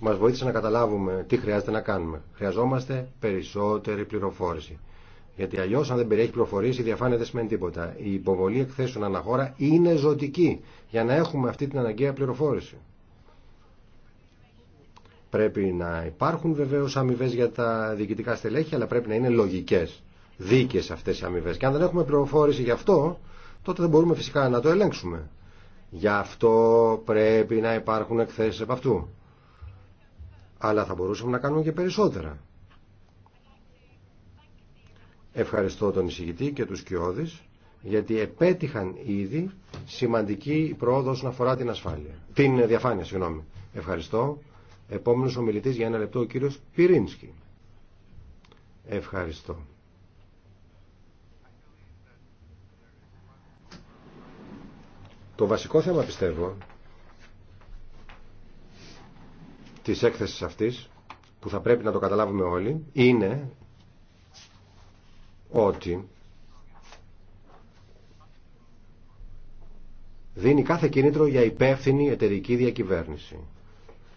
μας βοήθησαν να καταλάβουμε τι χρειάζεται να κάνουμε. Χρειαζόμαστε περισσότερη πληροφόρηση. Γιατί αλλιώ, αν δεν περιέχει πληροφορίε, η διαφάνεια δεν σημαίνει τίποτα. Η υποβολή εκθέσεων αναχώρα είναι ζωτική για να έχουμε αυτή την αναγκαία πληροφόρηση. Πρέπει να υπάρχουν βεβαίω αμοιβέ για τα διοικητικά στελέχη, αλλά πρέπει να είναι λογικέ, δίκαιε αυτέ οι αμοιβέ. Και αν δεν έχουμε πληροφόρηση γι' αυτό, τότε δεν μπορούμε φυσικά να το ελέγξουμε. Γι' αυτό πρέπει να υπάρχουν εκθέσει από αυτού. Αλλά θα μπορούσαμε να κάνουμε και περισσότερα. Ευχαριστώ τον εισηγητή και τους κοιόδης γιατί επέτυχαν ήδη σημαντική πρόοδο να αφορά την ασφάλεια. Την διαφάνεια, συγγνώμη. Ευχαριστώ. Επόμενος ομιλητή για ένα λεπτό ο κύριος Πυρίνσκι. Ευχαριστώ. Το βασικό θέμα πιστεύω της έκθεσης αυτής που θα πρέπει να το καταλάβουμε όλοι είναι ότι δίνει κάθε κίνητρο για υπεύθυνη εταιρική διακυβέρνηση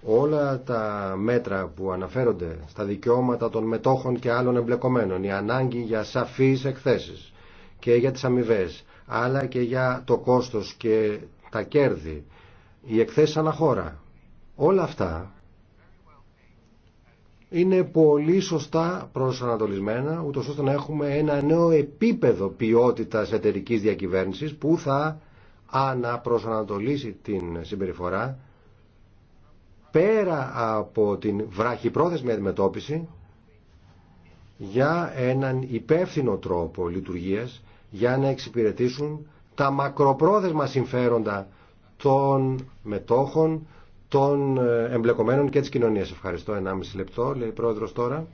όλα τα μέτρα που αναφέρονται στα δικαιώματα των μετόχων και άλλων εμπλεκομένων, η ανάγκη για σαφείς εκθέσεις και για τις αμοιβέ, αλλά και για το κόστος και τα κέρδη, οι εκθέσει αναχώρα, όλα αυτά είναι πολύ σωστά προσανατολισμένα, ούτω ώστε να έχουμε ένα νέο επίπεδο ποιότητας εταιρικής διακυβέρνησης που θα αναπροσανατολίσει την συμπεριφορά πέρα από την βράχυπρόθεσμη αντιμετώπιση για έναν υπεύθυνο τρόπο λειτουργίας για να εξυπηρετήσουν τα μακροπρόθεσμα συμφέροντα των μετόχων, των ε, εμπλεκομένων και της κοινωνίας. Ευχαριστώ. 1,5 λεπτό, λέει η πρόεδρος τώρα.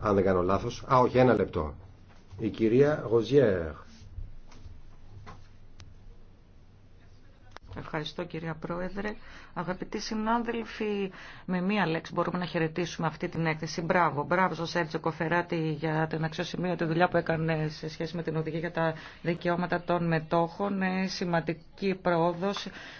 Αν δεν κάνω λάθος. Α, όχι, ένα λεπτό. Η κυρία Γοζιέρ. Ευχαριστώ κυρία Πρόεδρε. Αγαπητοί συνάδελφοι, με μία λέξη μπορούμε να χαιρετήσουμε αυτή την έκθεση. Μπράβο, μπράβο στον Σέρτζο Κοφεράτη για την αξιοσημείωτη δουλειά που έκανε σε σχέση με την οδηγία για τα δικαιώματα των μετόχων. Ε, σημαντική πρόοδο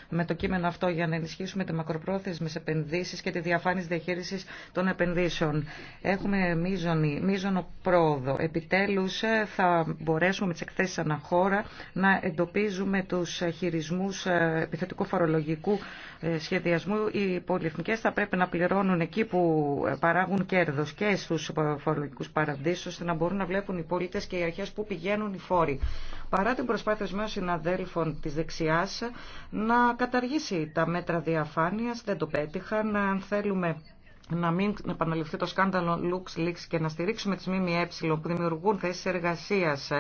με το κείμενο αυτό για να ενισχύσουμε τι μακροπρόθεσμε επενδύσει και τη διαφάνεια διαχείριση των επενδύσεων. Έχουμε μείζονη, μείζονο πρόοδο. Επιτέλου ε, θα μπορέσουμε με τι εκθέσει αναχώρα να εντοπίζουμε του χειρισμού ε, επιθετικού φορολογικού ε, σχεδιασμού οι πολυεθνικές θα πρέπει να πληρώνουν εκεί που ε, παράγουν κέρδος και στους ε, φορολογικούς παραδείσους ώστε να μπορούν να βλέπουν οι πολίτες και οι αρχές που πηγαίνουν οι φόροι. Παρά την προσπάθεια των συναδέλφων της δεξιάς να καταργήσει τα μέτρα διαφάνειας, δεν το πέτυχαν. Αν θέλουμε να μην επαναληφθεί το σκάνδαλο LuxLeaks και να στηρίξουμε τις ΜΜΕ που δημιουργούν θέσεις εργασίας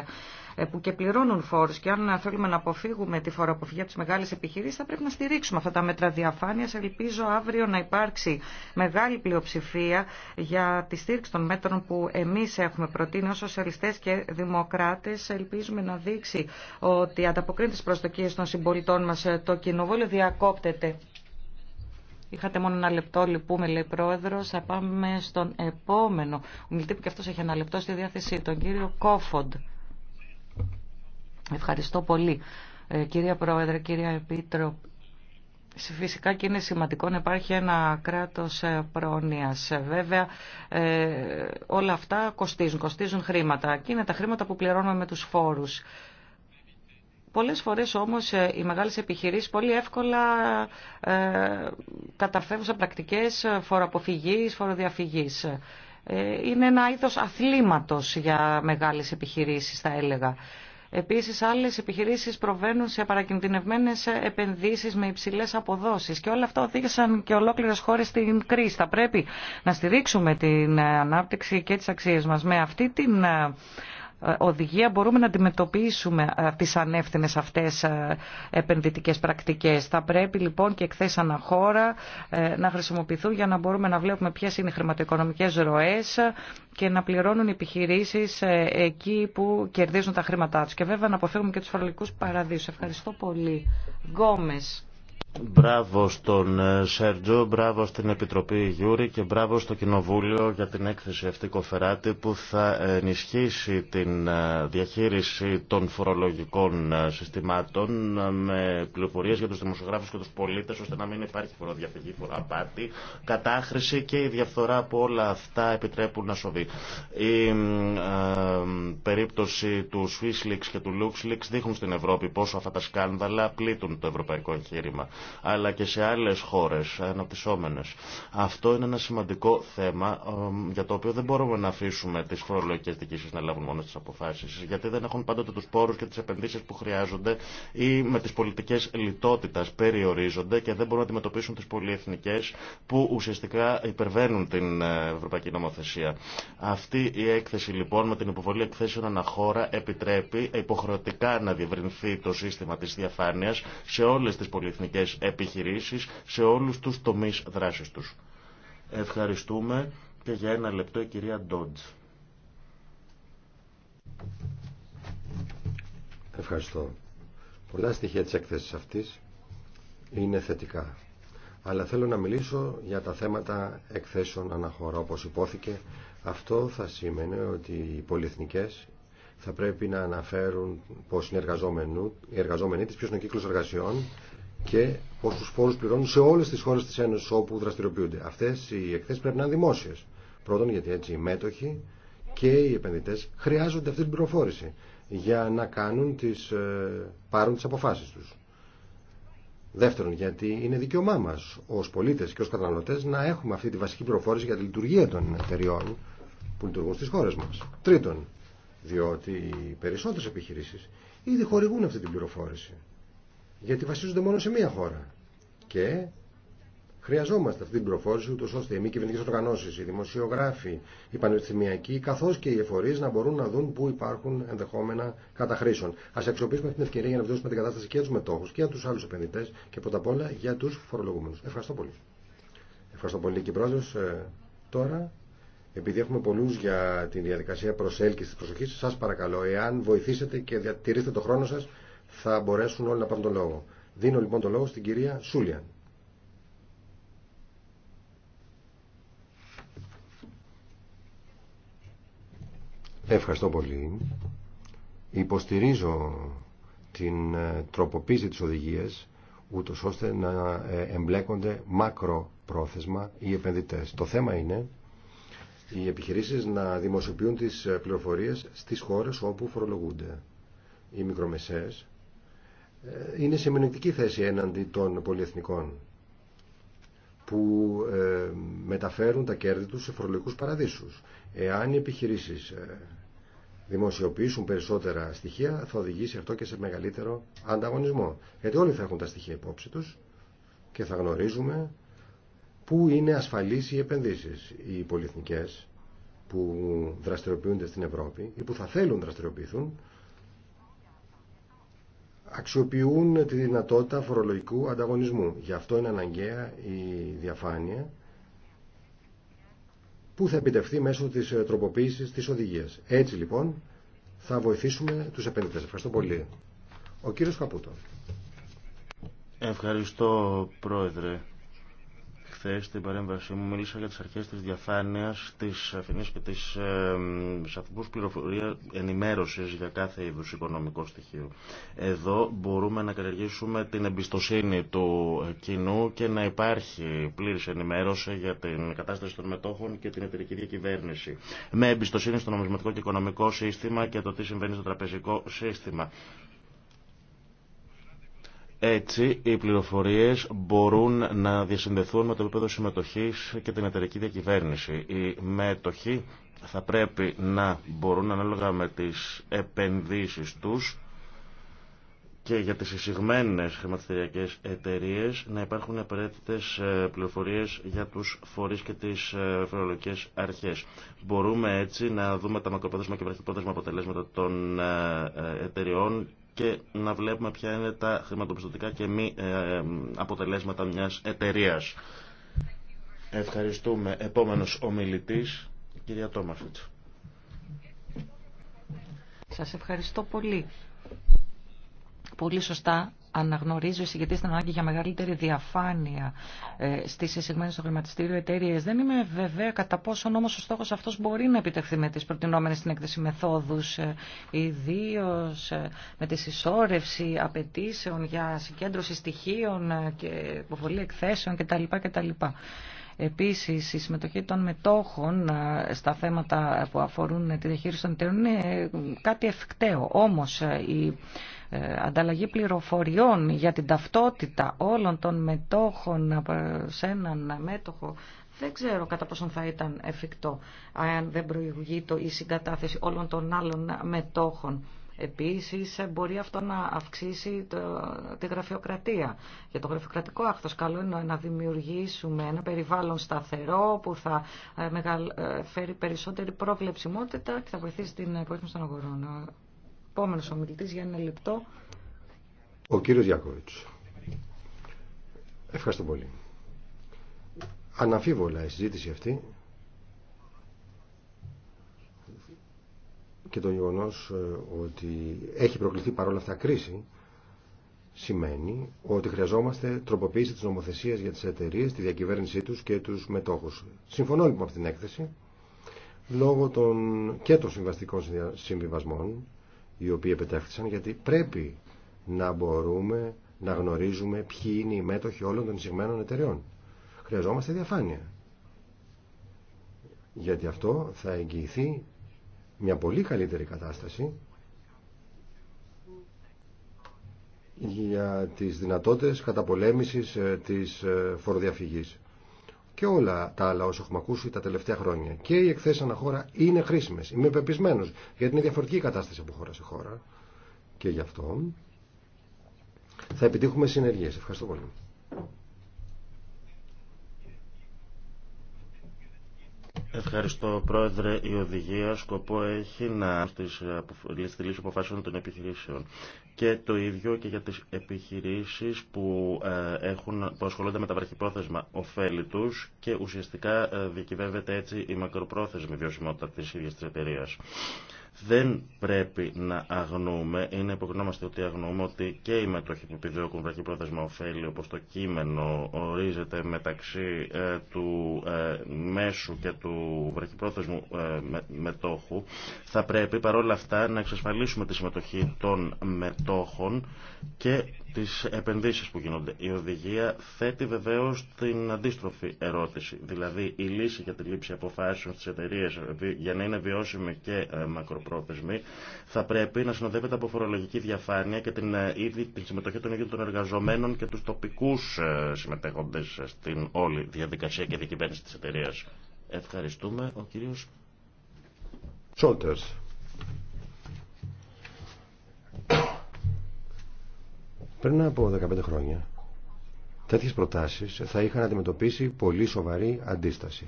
ε, που και πληρώνουν φόρους και αν θέλουμε να αποφύγουμε τη φοροαποφυγή από τις μεγάλες επιχειρήσεις θα πρέπει να στηρίξουμε αυτά τα μέτρα διαφάνειας. Ελπίζω αύριο να υπάρξει μεγάλη πλειοψηφία για τη στήριξη των μέτρων που εμείς έχουμε προτείνει ως σοσιαλιστές και δημοκράτες. Ελπίζουμε να δείξει ότι ανταποκρίνεται τις προσδοκίες των συμπολιτών μας ε, το κοινοβούλιο διακόπτεται. Είχατε μόνο ένα λεπτό, λυπούμε, λέει πρόεδρο. Θα πάμε στον επόμενο ομιλητή που και αυτό έχει ένα λεπτό στη διάθεσή, τον κύριο Κόφοντ. Ευχαριστώ πολύ. Ε, κυρία Πρόεδρε, κυρία Επίτροπη, Φυσικά και είναι σημαντικό να υπάρχει ένα κράτος ε, πρόνοιας. Βέβαια ε, όλα αυτά κοστίζουν, κοστίζουν χρήματα και είναι τα χρήματα που πληρώνουμε με τους φόρους. Πολλές φορές όμως ε, οι μεγάλες επιχειρήσεις πολύ εύκολα ε, καταφεύγουν σε πρακτικές ε, φοροαποφυγής, φοροδιαφυγής. Ε, είναι ένα είδος αθλήματος για μεγάλες επιχειρήσεις θα έλεγα. Επίσης άλλες επιχειρήσεις προβαίνουν σε παρακινδυνευμένες επενδύσεις με υψηλές αποδόσεις και όλα αυτά οδήγησαν και ολόκληρες χώρες στην κρίση. Θα πρέπει να στηρίξουμε την ανάπτυξη και τις αξίες μας με αυτή την ε, οδηγία μπορούμε να αντιμετωπίσουμε ε, τις ανεύθυνες αυτές ε, επενδυτικές πρακτικές. Θα πρέπει λοιπόν και εκθέσει αναχώρα να χρησιμοποιηθούν για να μπορούμε να βλέπουμε ποιες είναι οι χρηματοοικονομικές ροές και να πληρώνουν οι επιχειρήσεις εκεί που κερδίζουν τα χρήματά τους. Και βέβαια να αποφύγουμε και τους φορολογικούς παραδείσους. Ευχαριστώ πολύ. Γκόμες. Μπράβο στον ε, Σέρτζο, μπράβο στην Επιτροπή Γιούρη και μπράβο στο Κοινοβούλιο για την έκθεση αυτή κοφεράτη που θα ενισχύσει την ε, διαχείριση των φορολογικών ε, συστημάτων με πληροφορίες για τους δημοσιογράφους και τους πολίτες ώστε να μην υπάρχει φοροδιαφυγή, φοροαπάτη, κατάχρηση και η διαφθορά που όλα αυτά επιτρέπουν να σοβεί. Η ε, περίπτωση του Swissleaks και του LuxLeaks δείχνουν στην Ευρώπη πόσο αυτά τα σκάνδαλα πλήττουν το ευρωπαϊκό εγχείρημα αλλά και σε άλλες χώρες αναπτυσσόμενες. Αυτό είναι ένα σημαντικό θέμα ε, για το οποίο δεν μπορούμε να αφήσουμε τις φορολογικές διοικήσεις να λάβουν μόνο τις αποφάσεις, γιατί δεν έχουν πάντοτε τους πόρους και τις επενδύσεις που χρειάζονται ή με τις πολιτικές λιτότητας περιορίζονται και δεν μπορούν να αντιμετωπίσουν τις πολυεθνικές που ουσιαστικά υπερβαίνουν την ε, ευρωπαϊκή νομοθεσία. Αυτή η έκθεση λοιπόν με την υποβολή εκθέσεων αναχώρα επιτρέπει υποχρεωτικά να διευρυνθεί το σύστημα της διαφάνειας σε όλες τις πολυεθνικές επιχειρήσεις σε όλους τους τομείς δράσης τους. Ευχαριστούμε και για ένα λεπτό η κυρία Ντότζ. Ευχαριστώ. Πολλά στοιχεία της έκθεσης αυτής είναι θετικά. Αλλά θέλω να μιλήσω για τα θέματα εκθέσεων αναχώρα. Όπως υπόθηκε, αυτό θα σήμαινε ότι οι πολυεθνικές θα πρέπει να αναφέρουν πως είναι οι εργαζόμενοι της, ποιος είναι ο κύκλος εργασιών και τους φόρους πληρώνουν σε όλες τις χώρες της Ένωσης όπου δραστηριοποιούνται. Αυτές οι εκθέσεις πρέπει να είναι δημόσιες. Πρώτον γιατί έτσι οι μέτοχοι και οι επενδυτές χρειάζονται αυτή την πληροφόρηση για να κάνουν τις, ε, πάρουν τις αποφάσεις τους. Δεύτερον, γιατί είναι δικαίωμά μα ω πολίτε και ω καταναλωτέ να έχουμε αυτή τη βασική πληροφόρηση για τη λειτουργία των εταιριών που λειτουργούν στι χώρε μα. Τρίτον, διότι οι περισσότερε επιχειρήσει ήδη χορηγούν αυτή την πληροφόρηση γιατί βασίζονται μόνο σε μία χώρα. Και χρειαζόμαστε αυτή την προφόρηση, ούτω ώστε οι μη κυβερνητικέ οργανώσει, οι δημοσιογράφοι, οι πανεπιστημιακοί, καθώ και οι εφορεί να μπορούν να δουν πού υπάρχουν ενδεχόμενα καταχρήσεων. Α αξιοποιήσουμε αυτή την ευκαιρία για να βελτιώσουμε την κατάσταση και για του μετόχου και για του άλλου επενδυτέ και πρώτα απ' όλα για του φορολογούμενου. Ευχαριστώ πολύ. Ευχαριστώ πολύ, κύριε Πρόεδρο. Ε, τώρα, επειδή έχουμε πολλού για τη διαδικασία προσέλκυση τη προσοχή, σα παρακαλώ, εάν βοηθήσετε και διατηρήσετε το χρόνο σα, θα μπορέσουν όλοι να πάρουν το λόγο. Δίνω λοιπόν το λόγο στην κυρία Σούλιαν. Ευχαριστώ πολύ. Υποστηρίζω την ε, τροποποίηση της οδηγίας ούτως ώστε να ε, εμπλέκονται μακροπρόθεσμα οι επενδυτές. Το θέμα είναι οι επιχειρήσεις να δημοσιοποιούν τις ε, πληροφορίες στις χώρες όπου φορολογούνται. Οι μικρομεσαίες ε, είναι σε θέση έναντι των πολυεθνικών που ε, μεταφέρουν τα κέρδη τους σε φορολογικούς παραδείσους. Εάν οι επιχειρήσεις ε, δημοσιοποιήσουν περισσότερα στοιχεία, θα οδηγήσει αυτό και σε μεγαλύτερο ανταγωνισμό. Γιατί όλοι θα έχουν τα στοιχεία υπόψη τους και θα γνωρίζουμε πού είναι ασφαλείς οι επενδύσεις. Οι πολυεθνικές που δραστηριοποιούνται στην Ευρώπη ή που θα θέλουν να δραστηριοποιηθούν αξιοποιούν τη δυνατότητα φορολογικού ανταγωνισμού. Γι' αυτό είναι αναγκαία η διαφάνεια που θα επιτευχθεί μέσω της ε, τροποποίησης της οδηγίας. Έτσι λοιπόν θα βοηθήσουμε τους επενδυτές. Ευχαριστώ πολύ. Ο κύριος Καπούτο. Ευχαριστώ πρόεδρε στην παρέμβασή μου μίλησα για τις αρχές της διαφάνειας, της αφηνής και της ε, πληροφορία ενημέρωσης για κάθε είδους οικονομικό στοιχείο. Εδώ μπορούμε να καλλιεργήσουμε την εμπιστοσύνη του κοινού και να υπάρχει πλήρης ενημέρωση για την κατάσταση των μετόχων και την εταιρική διακυβέρνηση. Με εμπιστοσύνη στο νομισματικό και οικονομικό σύστημα και το τι συμβαίνει στο τραπεζικό σύστημα. Έτσι, οι πληροφορίε μπορούν να διασυνδεθούν με το επίπεδο συμμετοχή και την εταιρική διακυβέρνηση. Οι μέτοχοι θα πρέπει να μπορούν ανάλογα με τι επενδύσει του και για τις εισηγμένε χρηματιστηριακέ εταιρείε, να υπάρχουν απαραίτητε ε, πληροφορίες για τους φορείς και τις ε, φορολογικέ αρχές. Μπορούμε έτσι να δούμε τα μακροπρόθεσμα και βραχυπρόθεσμα αποτελέσματα των ε, εταιριών και να βλέπουμε ποια είναι τα χρηματοπιστωτικά και μη ε, αποτελέσματα μιας εταιρείας. Ευχαριστούμε. Επόμενος ομιλητής, κυρία Τόμαφιτς. Σας ευχαριστώ πολύ. Πολύ σωστά αναγνωρίζει ο εισηγητή την ανάγκη για μεγαλύτερη διαφάνεια ε, στι εισηγμένε στο χρηματιστήριο εταιρείε. Δεν είμαι βεβαία κατά πόσον όμω ο στόχο αυτό μπορεί να επιτευχθεί με τι προτινόμενε στην έκθεση μεθόδου, ε, ιδίω ε, με τη συσσόρευση απαιτήσεων για συγκέντρωση στοιχείων ε, και υποβολή εκθέσεων κτλ. κτλ. Επίσης, η συμμετοχή των μετόχων ε, στα θέματα που αφορούν τη διαχείριση των εταιρεών είναι κάτι ευκταίο. Όμως, η ε, ανταλλαγή πληροφοριών για την ταυτότητα όλων των μετόχων σε έναν μέτοχο δεν ξέρω κατά πόσον θα ήταν εφικτό αν δεν προηγεί το η συγκατάθεση όλων των άλλων μετόχων. Επίσης μπορεί αυτό να αυξήσει τη γραφειοκρατία. Για το γραφειοκρατικό άκτος καλό είναι να δημιουργήσουμε ένα περιβάλλον σταθερό που θα ε, ε, φέρει περισσότερη πρόβλεψιμότητα και θα βοηθήσει την υπόθεση των αγορών επόμενος ομιλητής για ένα λεπτό. Ο κύριος Γιακόβιτ. Ευχαριστώ πολύ. Αναφίβολα η συζήτηση αυτή και το γεγονό ε, ότι έχει προκληθεί παρόλα αυτά κρίση σημαίνει ότι χρειαζόμαστε τροποποίηση της νομοθεσίας για τις εταιρείες, τη διακυβέρνησή τους και τους μετόχους. Συμφωνώ λοιπόν με αυτήν την έκθεση λόγω των και των συμβαστικών συμβιβασμών οι οποίοι επετέφθησαν γιατί πρέπει να μπορούμε να γνωρίζουμε ποιοι είναι οι μέτοχοι όλων των εισηγμένων εταιρεών. Χρειαζόμαστε διαφάνεια. Γιατί αυτό θα εγγυηθεί μια πολύ καλύτερη κατάσταση για τις δυνατότητες καταπολέμησης ε, της ε, φοροδιαφυγής και όλα τα άλλα όσα έχουμε ακούσει τα τελευταία χρόνια. Και οι εκθέσει αναχώρα είναι χρήσιμε. Είμαι πεπισμένο γιατί είναι διαφορετική η κατάσταση από χώρα σε χώρα. Και γι' αυτό θα επιτύχουμε συνεργείες. Ευχαριστώ πολύ. Ευχαριστώ, Πρόεδρε. Η οδηγία σκοπό έχει να στη λύση αποφάσεων των επιχειρήσεων. Και το ίδιο και για τις επιχειρήσεις που, ε, έχουν, που ασχολούνται με τα βραχυπρόθεσμα ωφέλη τους και ουσιαστικά ε, διακυβεύεται έτσι η μακροπρόθεσμη βιωσιμότητα της ίδιας της εταιρείας δεν πρέπει να αγνοούμε, είναι υπογνώμαστε ότι αγνοούμε ότι και η μετοχή που επιδιώκουν πρόθεσμα ωφέλη, όπως το κείμενο ορίζεται μεταξύ ε, του ε, μέσου και του βραχυπρόθεσμου ε, μετόχου, θα πρέπει παρόλα αυτά να εξασφαλίσουμε τη συμμετοχή των μετόχων και τις επενδύσεις που γίνονται. Η οδηγία θέτει βεβαίως την αντίστροφη ερώτηση, δηλαδή η λύση για τη λήψη αποφάσεων στις εταιρείε για να είναι βιώσιμη και ε, μακροπρόθεσμη θα πρέπει να συνοδεύεται από φορολογική διαφάνεια και την, ε, ήδη, την συμμετοχή των ίδιων των εργαζομένων και τους τοπικούς ε, συμμετέχοντες στην όλη διαδικασία και διακυβέρνηση της εταιρεία. Ευχαριστούμε. Ο κύριος Σόλτερς. Πριν από 15 χρόνια, τέτοιες προτάσεις θα είχαν αντιμετωπίσει πολύ σοβαρή αντίσταση.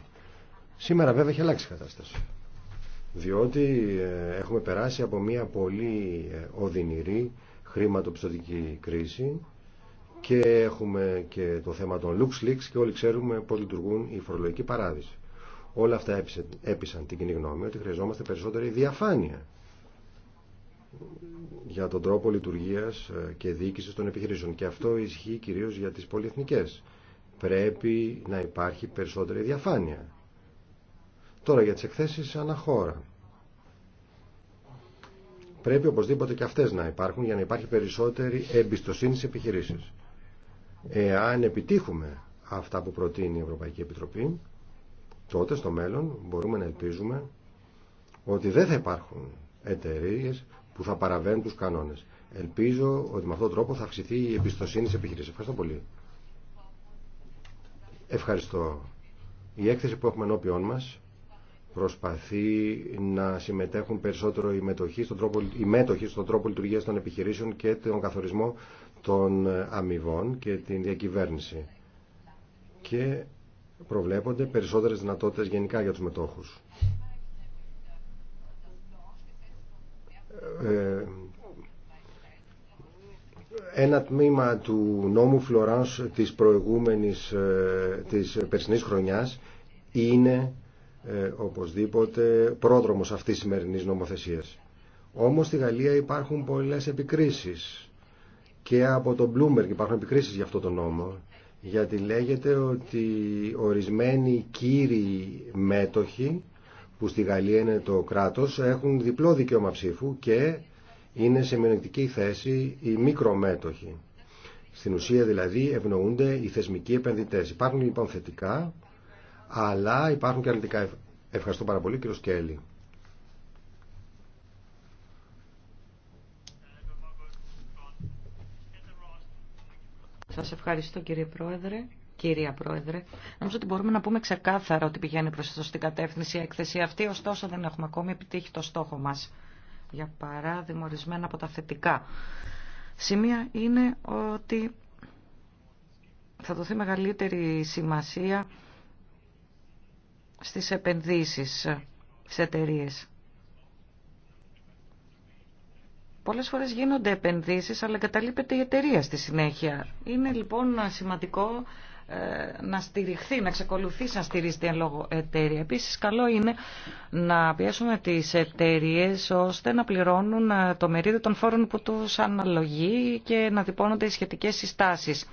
Σήμερα βέβαια έχει αλλάξει η κατάσταση. Διότι ε, έχουμε περάσει από μια πολύ ε, οδυνηρή χρηματοπιστωτική κρίση και έχουμε και το θέμα των LuxLeaks και όλοι ξέρουμε πώς λειτουργούν οι φορολογικοί παράδεισοι. Όλα αυτά έπεισαν την κοινή γνώμη ότι χρειαζόμαστε περισσότερη διαφάνεια για τον τρόπο λειτουργίας ε, και διοίκησης των επιχειρήσεων. Και αυτό ισχύει κυρίως για τις πολυεθνικές. Πρέπει να υπάρχει περισσότερη διαφάνεια. Τώρα για τις εκθέσεις αναχώρα. Πρέπει οπωσδήποτε και αυτές να υπάρχουν για να υπάρχει περισσότερη εμπιστοσύνη στις επιχειρήσεις. Εάν επιτύχουμε αυτά που προτείνει η Ευρωπαϊκή Επιτροπή, τότε στο μέλλον μπορούμε να ελπίζουμε ότι δεν θα υπάρχουν εταιρείε που θα παραβαίνουν του κανόνε. Ελπίζω ότι με αυτόν τον τρόπο θα αυξηθεί η εμπιστοσύνη τη επιχειρήση. Ευχαριστώ πολύ. Ευχαριστώ. Η έκθεση που έχουμε ενώπιόν μα προσπαθεί να συμμετέχουν περισσότερο οι, μετοχοί στον τρόπο, οι μέτοχοι στον τρόπο λειτουργίας των επιχειρήσεων και τον καθορισμό των αμοιβών και την διακυβέρνηση. Και προβλέπονται περισσότερες δυνατότητες γενικά για τους μετόχους. Ε, ένα τμήμα του νόμου Φλωράνς της προηγούμενης, ε, της περσινής χρονιάς είναι ε, οπωσδήποτε πρόδρομος αυτής της σημερινής νομοθεσίας. Όμως στη Γαλλία υπάρχουν πολλές επικρίσεις και από τον Bloomberg υπάρχουν επικρίσεις για αυτό το νόμο γιατί λέγεται ότι ορισμένοι κύριοι μέτοχοι που στη Γαλλία είναι το κράτος, έχουν διπλό δικαίωμα ψήφου και είναι σε μειονεκτική θέση οι μικρομέτοχοι. Στην ουσία δηλαδή ευνοούνται οι θεσμικοί επενδυτές. Υπάρχουν λοιπόν θετικά, αλλά υπάρχουν και αρνητικά. Ευχαριστώ πάρα πολύ κύριο Σκέλη. Σας ευχαριστώ κύριε Πρόεδρε κυρία Πρόεδρε. Νομίζω ότι μπορούμε να πούμε ξεκάθαρα ότι πηγαίνει προς την κατεύθυνση η έκθεση αυτή, ωστόσο δεν έχουμε ακόμη επιτύχει το στόχο μας. Για παράδειγμα, ορισμένα από τα θετικά σημεία είναι ότι θα δοθεί μεγαλύτερη σημασία στις επενδύσεις σε εταιρείε. Πολλές φορές γίνονται επενδύσεις, αλλά καταλείπεται η εταιρεία στη συνέχεια. Είναι λοιπόν σημαντικό ε, να στηριχθεί, να εξακολουθήσει να στηρίζεται εν λόγω εταιρεία. Επίσης καλό είναι να πιέσουμε τις εταιρείε ώστε να πληρώνουν ε, το μερίδιο των φόρων που τους αναλογεί και να τυπώνονται οι σχετικές συστάσεις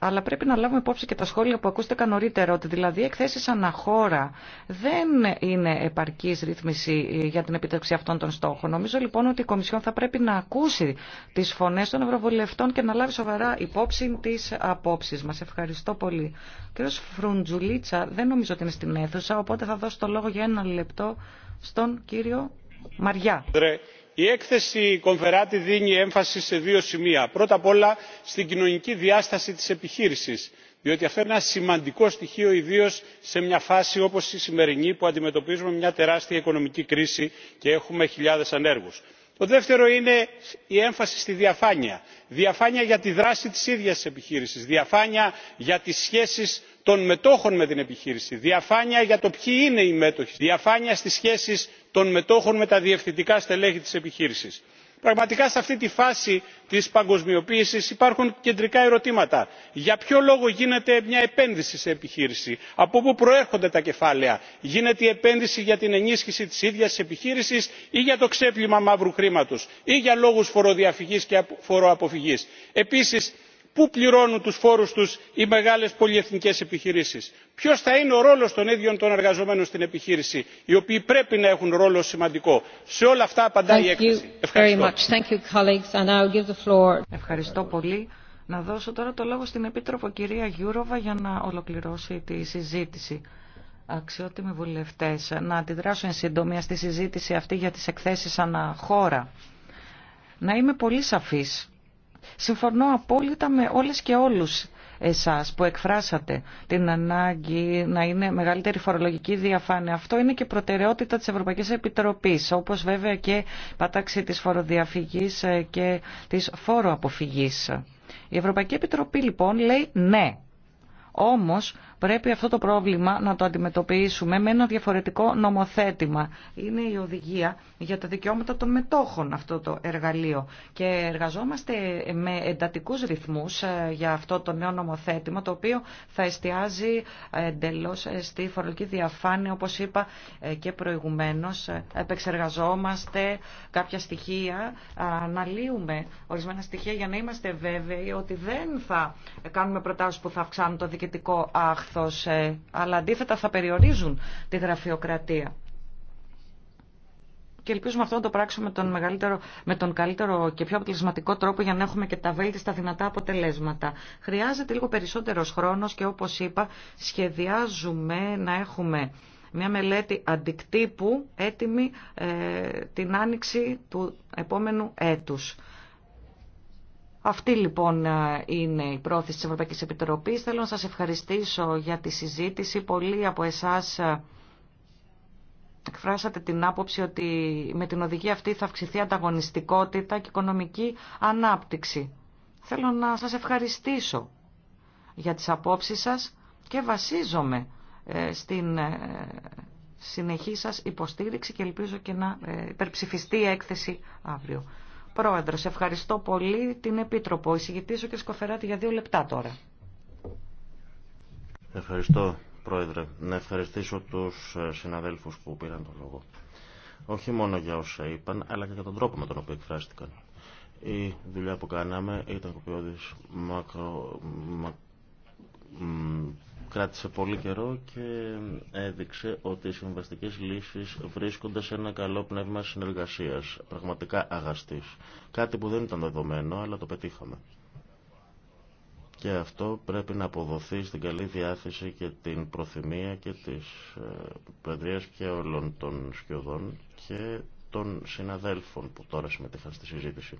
αλλά πρέπει να λάβουμε υπόψη και τα σχόλια που ακούστηκαν νωρίτερα, ότι δηλαδή εκθέσει αναχώρα δεν είναι επαρκή ρύθμιση ε, για την επίτευξη αυτών των στόχων. Νομίζω λοιπόν ότι η Κομισιόν θα πρέπει να ακούσει τι φωνέ των Ευρωβουλευτών και να λάβει σοβαρά υπόψη τις απόψεις Μα. Ευχαριστώ πολύ. Κύριο Φρουντζουλίτσα δεν νομίζω ότι είναι στην αίθουσα, οπότε θα δώσω το λόγο για ένα λεπτό στον κύριο Μαριά η έκθεση κονφεράτι δίνει έμφαση σε δύο σημεία πρώτα απ' όλα στην κοινωνική διάσταση της επιχείρησης διότι αυτό είναι ένα σημαντικό στοιχείο ιδίως σε μια φάση όπως η σημερινή που αντιμετωπίζουμε μια τεράστια οικονομική κρίση και έχουμε χιλιάδες ανέργους. το δεύτερο είναι η έμφαση στη διαφάνεια διαφάνεια για τη δράση της ίδιας της επιχείρησης διαφάνεια για τις σχέσεις των μετόχων με την επιχείρηση διαφάνεια για το ποιοι είναι οι μέτοχοι διαφάνεια στις σχέσεις των μετόχων με τα διευθυντικά στελέχη της επιχείρησης. πραγματικά σε αυτή τη φάση της παγκοσμιοποίησης υπάρχουν κεντρικά ερωτήματα για ποιο λόγο γίνεται μια επένδυση σε επιχείρηση από πού προέρχονται τα κεφάλαια γίνεται η επένδυση για την ενίσχυση της ίδιας της επιχείρησης ή για το ξέπλυμα μαύρου χρήματος ή για λόγους φοροδιαφυγής και φοροαποφυγής. επίσης πού πληρώνουν τους φόρους τους οι μεγάλες πολυεθνικές επιχειρήσεις; ποιος θα είναι ο ρόλος των ίδιων των εργαζομένων στην επιχείρηση οι οποίοι πρέπει να έχουν ρόλο σημαντικό. σε όλα αυτά απαντάει η έκθεση. Ευχαριστώ. Ευχαριστώ πολύ. Να δώσω τώρα το λόγο στην Επίτροπο κυρία Γιούροβα για να ολοκληρώσει τη συζήτηση. Αξιότιμοι βουλευτές, να αντιδράσω εν συντομία στη συζήτηση αυτή για τις εκθέσεις αναχώρα. Να είμαι πολύ σαφής. Συμφωνώ απόλυτα με όλες και όλους εσάς που εκφράσατε την ανάγκη να είναι μεγαλύτερη φορολογική διαφάνεια. Αυτό είναι και προτεραιότητα της Ευρωπαϊκής Επιτροπής, όπως βέβαια και πατάξη της φοροδιαφυγής και της φόροαποφυγής. Η Ευρωπαϊκή Επιτροπή λοιπόν λέει ναι. Όμως Πρέπει αυτό το πρόβλημα να το αντιμετωπίσουμε με ένα διαφορετικό νομοθέτημα. Είναι η οδηγία για τα δικαιώματα των μετόχων αυτό το εργαλείο. Και εργαζόμαστε με εντατικούς ρυθμούς ε, για αυτό το νέο νομοθέτημα, το οποίο θα εστιάζει ε, εντελώ ε, στη φορολογική διαφάνεια, όπως είπα και προηγουμένως. Επεξεργαζόμαστε κάποια στοιχεία, αναλύουμε ορισμένα στοιχεία για να είμαστε βέβαιοι ότι δεν θα κάνουμε προτάσεις που θα αυξάνουν το διοικητικό ε, αλλά αντίθετα θα περιορίζουν τη γραφειοκρατία. Και ελπίζουμε αυτό να το πράξουμε με τον, μεγαλύτερο, με τον καλύτερο και πιο αποτελεσματικό τρόπο για να έχουμε και τα βέλτιστα δυνατά αποτελέσματα. Χρειάζεται λίγο περισσότερος χρόνος και όπως είπα σχεδιάζουμε να έχουμε μια μελέτη αντικτύπου έτοιμη ε, την άνοιξη του επόμενου έτους. Αυτή λοιπόν είναι η πρόθεση της Ευρωπαϊκής Επιτροπής. Θέλω να σας ευχαριστήσω για τη συζήτηση. Πολλοί από εσάς ε, εκφράσατε την άποψη ότι με την οδηγία αυτή θα αυξηθεί ανταγωνιστικότητα και οικονομική ανάπτυξη. Θέλω να σας ευχαριστήσω για τις απόψεις σας και βασίζομαι ε, στην ε, συνεχή σας υποστήριξη και ελπίζω και να υπερψηφιστεί η έκθεση αύριο. Πρόεδρος, ευχαριστώ πολύ την Επίτροπο. Εισηγητήσω και σκοφεράτη για δύο λεπτά τώρα. Ευχαριστώ, Πρόεδρε. Να ευχαριστήσω τους ε, συναδέλφους που πήραν τον λόγο. Όχι μόνο για όσα είπαν, αλλά και για τον τρόπο με τον οποίο εκφράστηκαν. Η δουλειά που κάναμε ήταν κοπιώδης μακρο, κράτησε πολύ καιρό και έδειξε ότι οι συμβαστικές λύσεις βρίσκονται σε ένα καλό πνεύμα συνεργασίας, πραγματικά αγαστής. Κάτι που δεν ήταν δεδομένο, αλλά το πετύχαμε. Και αυτό πρέπει να αποδοθεί στην καλή διάθεση και την προθυμία και της ε, παιδείας και όλων των σκιωδών και των συναδέλφων που τώρα συμμετείχαν στη συζήτηση.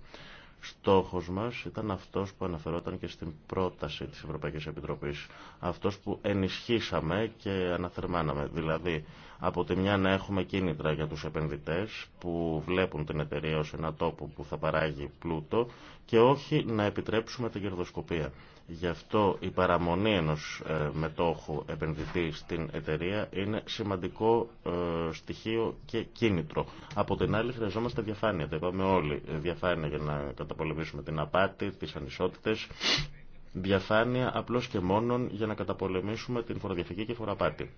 Στόχος μας ήταν αυτός που αναφερόταν και στην πρόταση της Ευρωπαϊκής Επιτροπής. Αυτός που ενισχύσαμε και αναθερμάναμε. Δηλαδή, από τη μια να έχουμε κίνητρα για τους επενδυτές που βλέπουν την εταιρεία ως ένα τόπο που θα παράγει πλούτο και όχι να επιτρέψουμε την κερδοσκοπία. Γι' αυτό η παραμονή ενός ε, μετόχου επενδυτή στην εταιρεία είναι σημαντικό ε, στοιχείο και κίνητρο. Από την άλλη χρειαζόμαστε διαφάνεια, το είπαμε όλοι. Διαφάνεια για να καταπολεμήσουμε την απάτη, τις ανισότητες. Διαφάνεια απλώς και μόνον για να καταπολεμήσουμε την φοροδιαφυγή και φοροαπάτη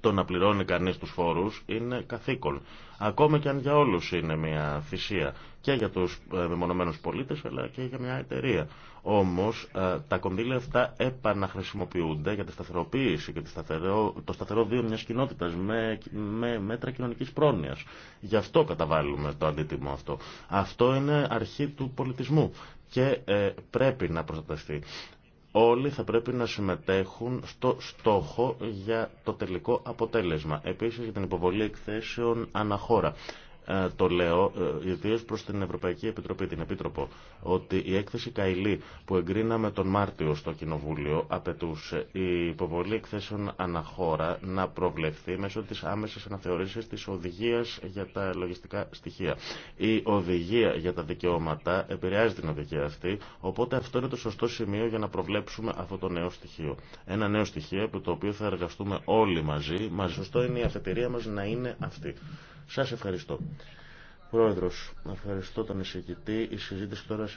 το να πληρώνει κανείς τους φόρους είναι καθήκον. Ακόμα και αν για όλους είναι μια θυσία και για τους ε, μεμονωμένους πολίτες αλλά και για μια εταιρεία. Όμως ε, τα κονδύλια αυτά επαναχρησιμοποιούνται για τη σταθεροποίηση και το σταθερό βίο μιας κοινότητας με, μέτρα κοινωνικής πρόνοιας. Γι' αυτό καταβάλουμε το αντίτιμο αυτό. Αυτό είναι αρχή του πολιτισμού και ε, πρέπει να προστατευτεί. Όλοι θα πρέπει να συμμετέχουν στο στόχο για το τελικό αποτέλεσμα. Επίσης για την υποβολή εκθέσεων αναχώρα. Ε, το λέω ε, ιδίω προ την Ευρωπαϊκή Επιτροπή, την Επίτροπο, ότι η έκθεση Καηλή που εγκρίναμε τον Μάρτιο στο Κοινοβούλιο απαιτούσε η υποβολή εκθέσεων αναχώρα να προβλεφθεί μέσω τη άμεση αναθεωρήσεω τη οδηγία για τα λογιστικά στοιχεία. Η οδηγία για τα δικαιώματα επηρεάζει την οδηγία αυτή, οπότε αυτό είναι το σωστό σημείο για να προβλέψουμε αυτό το νέο στοιχείο. Ένα νέο στοιχείο από το οποίο θα εργαστούμε όλοι μαζί, μα σωστό είναι η αφετηρία μα να είναι αυτή. Σας ευχαριστώ. Πρόεδρος, ευχαριστώ τον εισηγητή. Η συζήτηση τώρα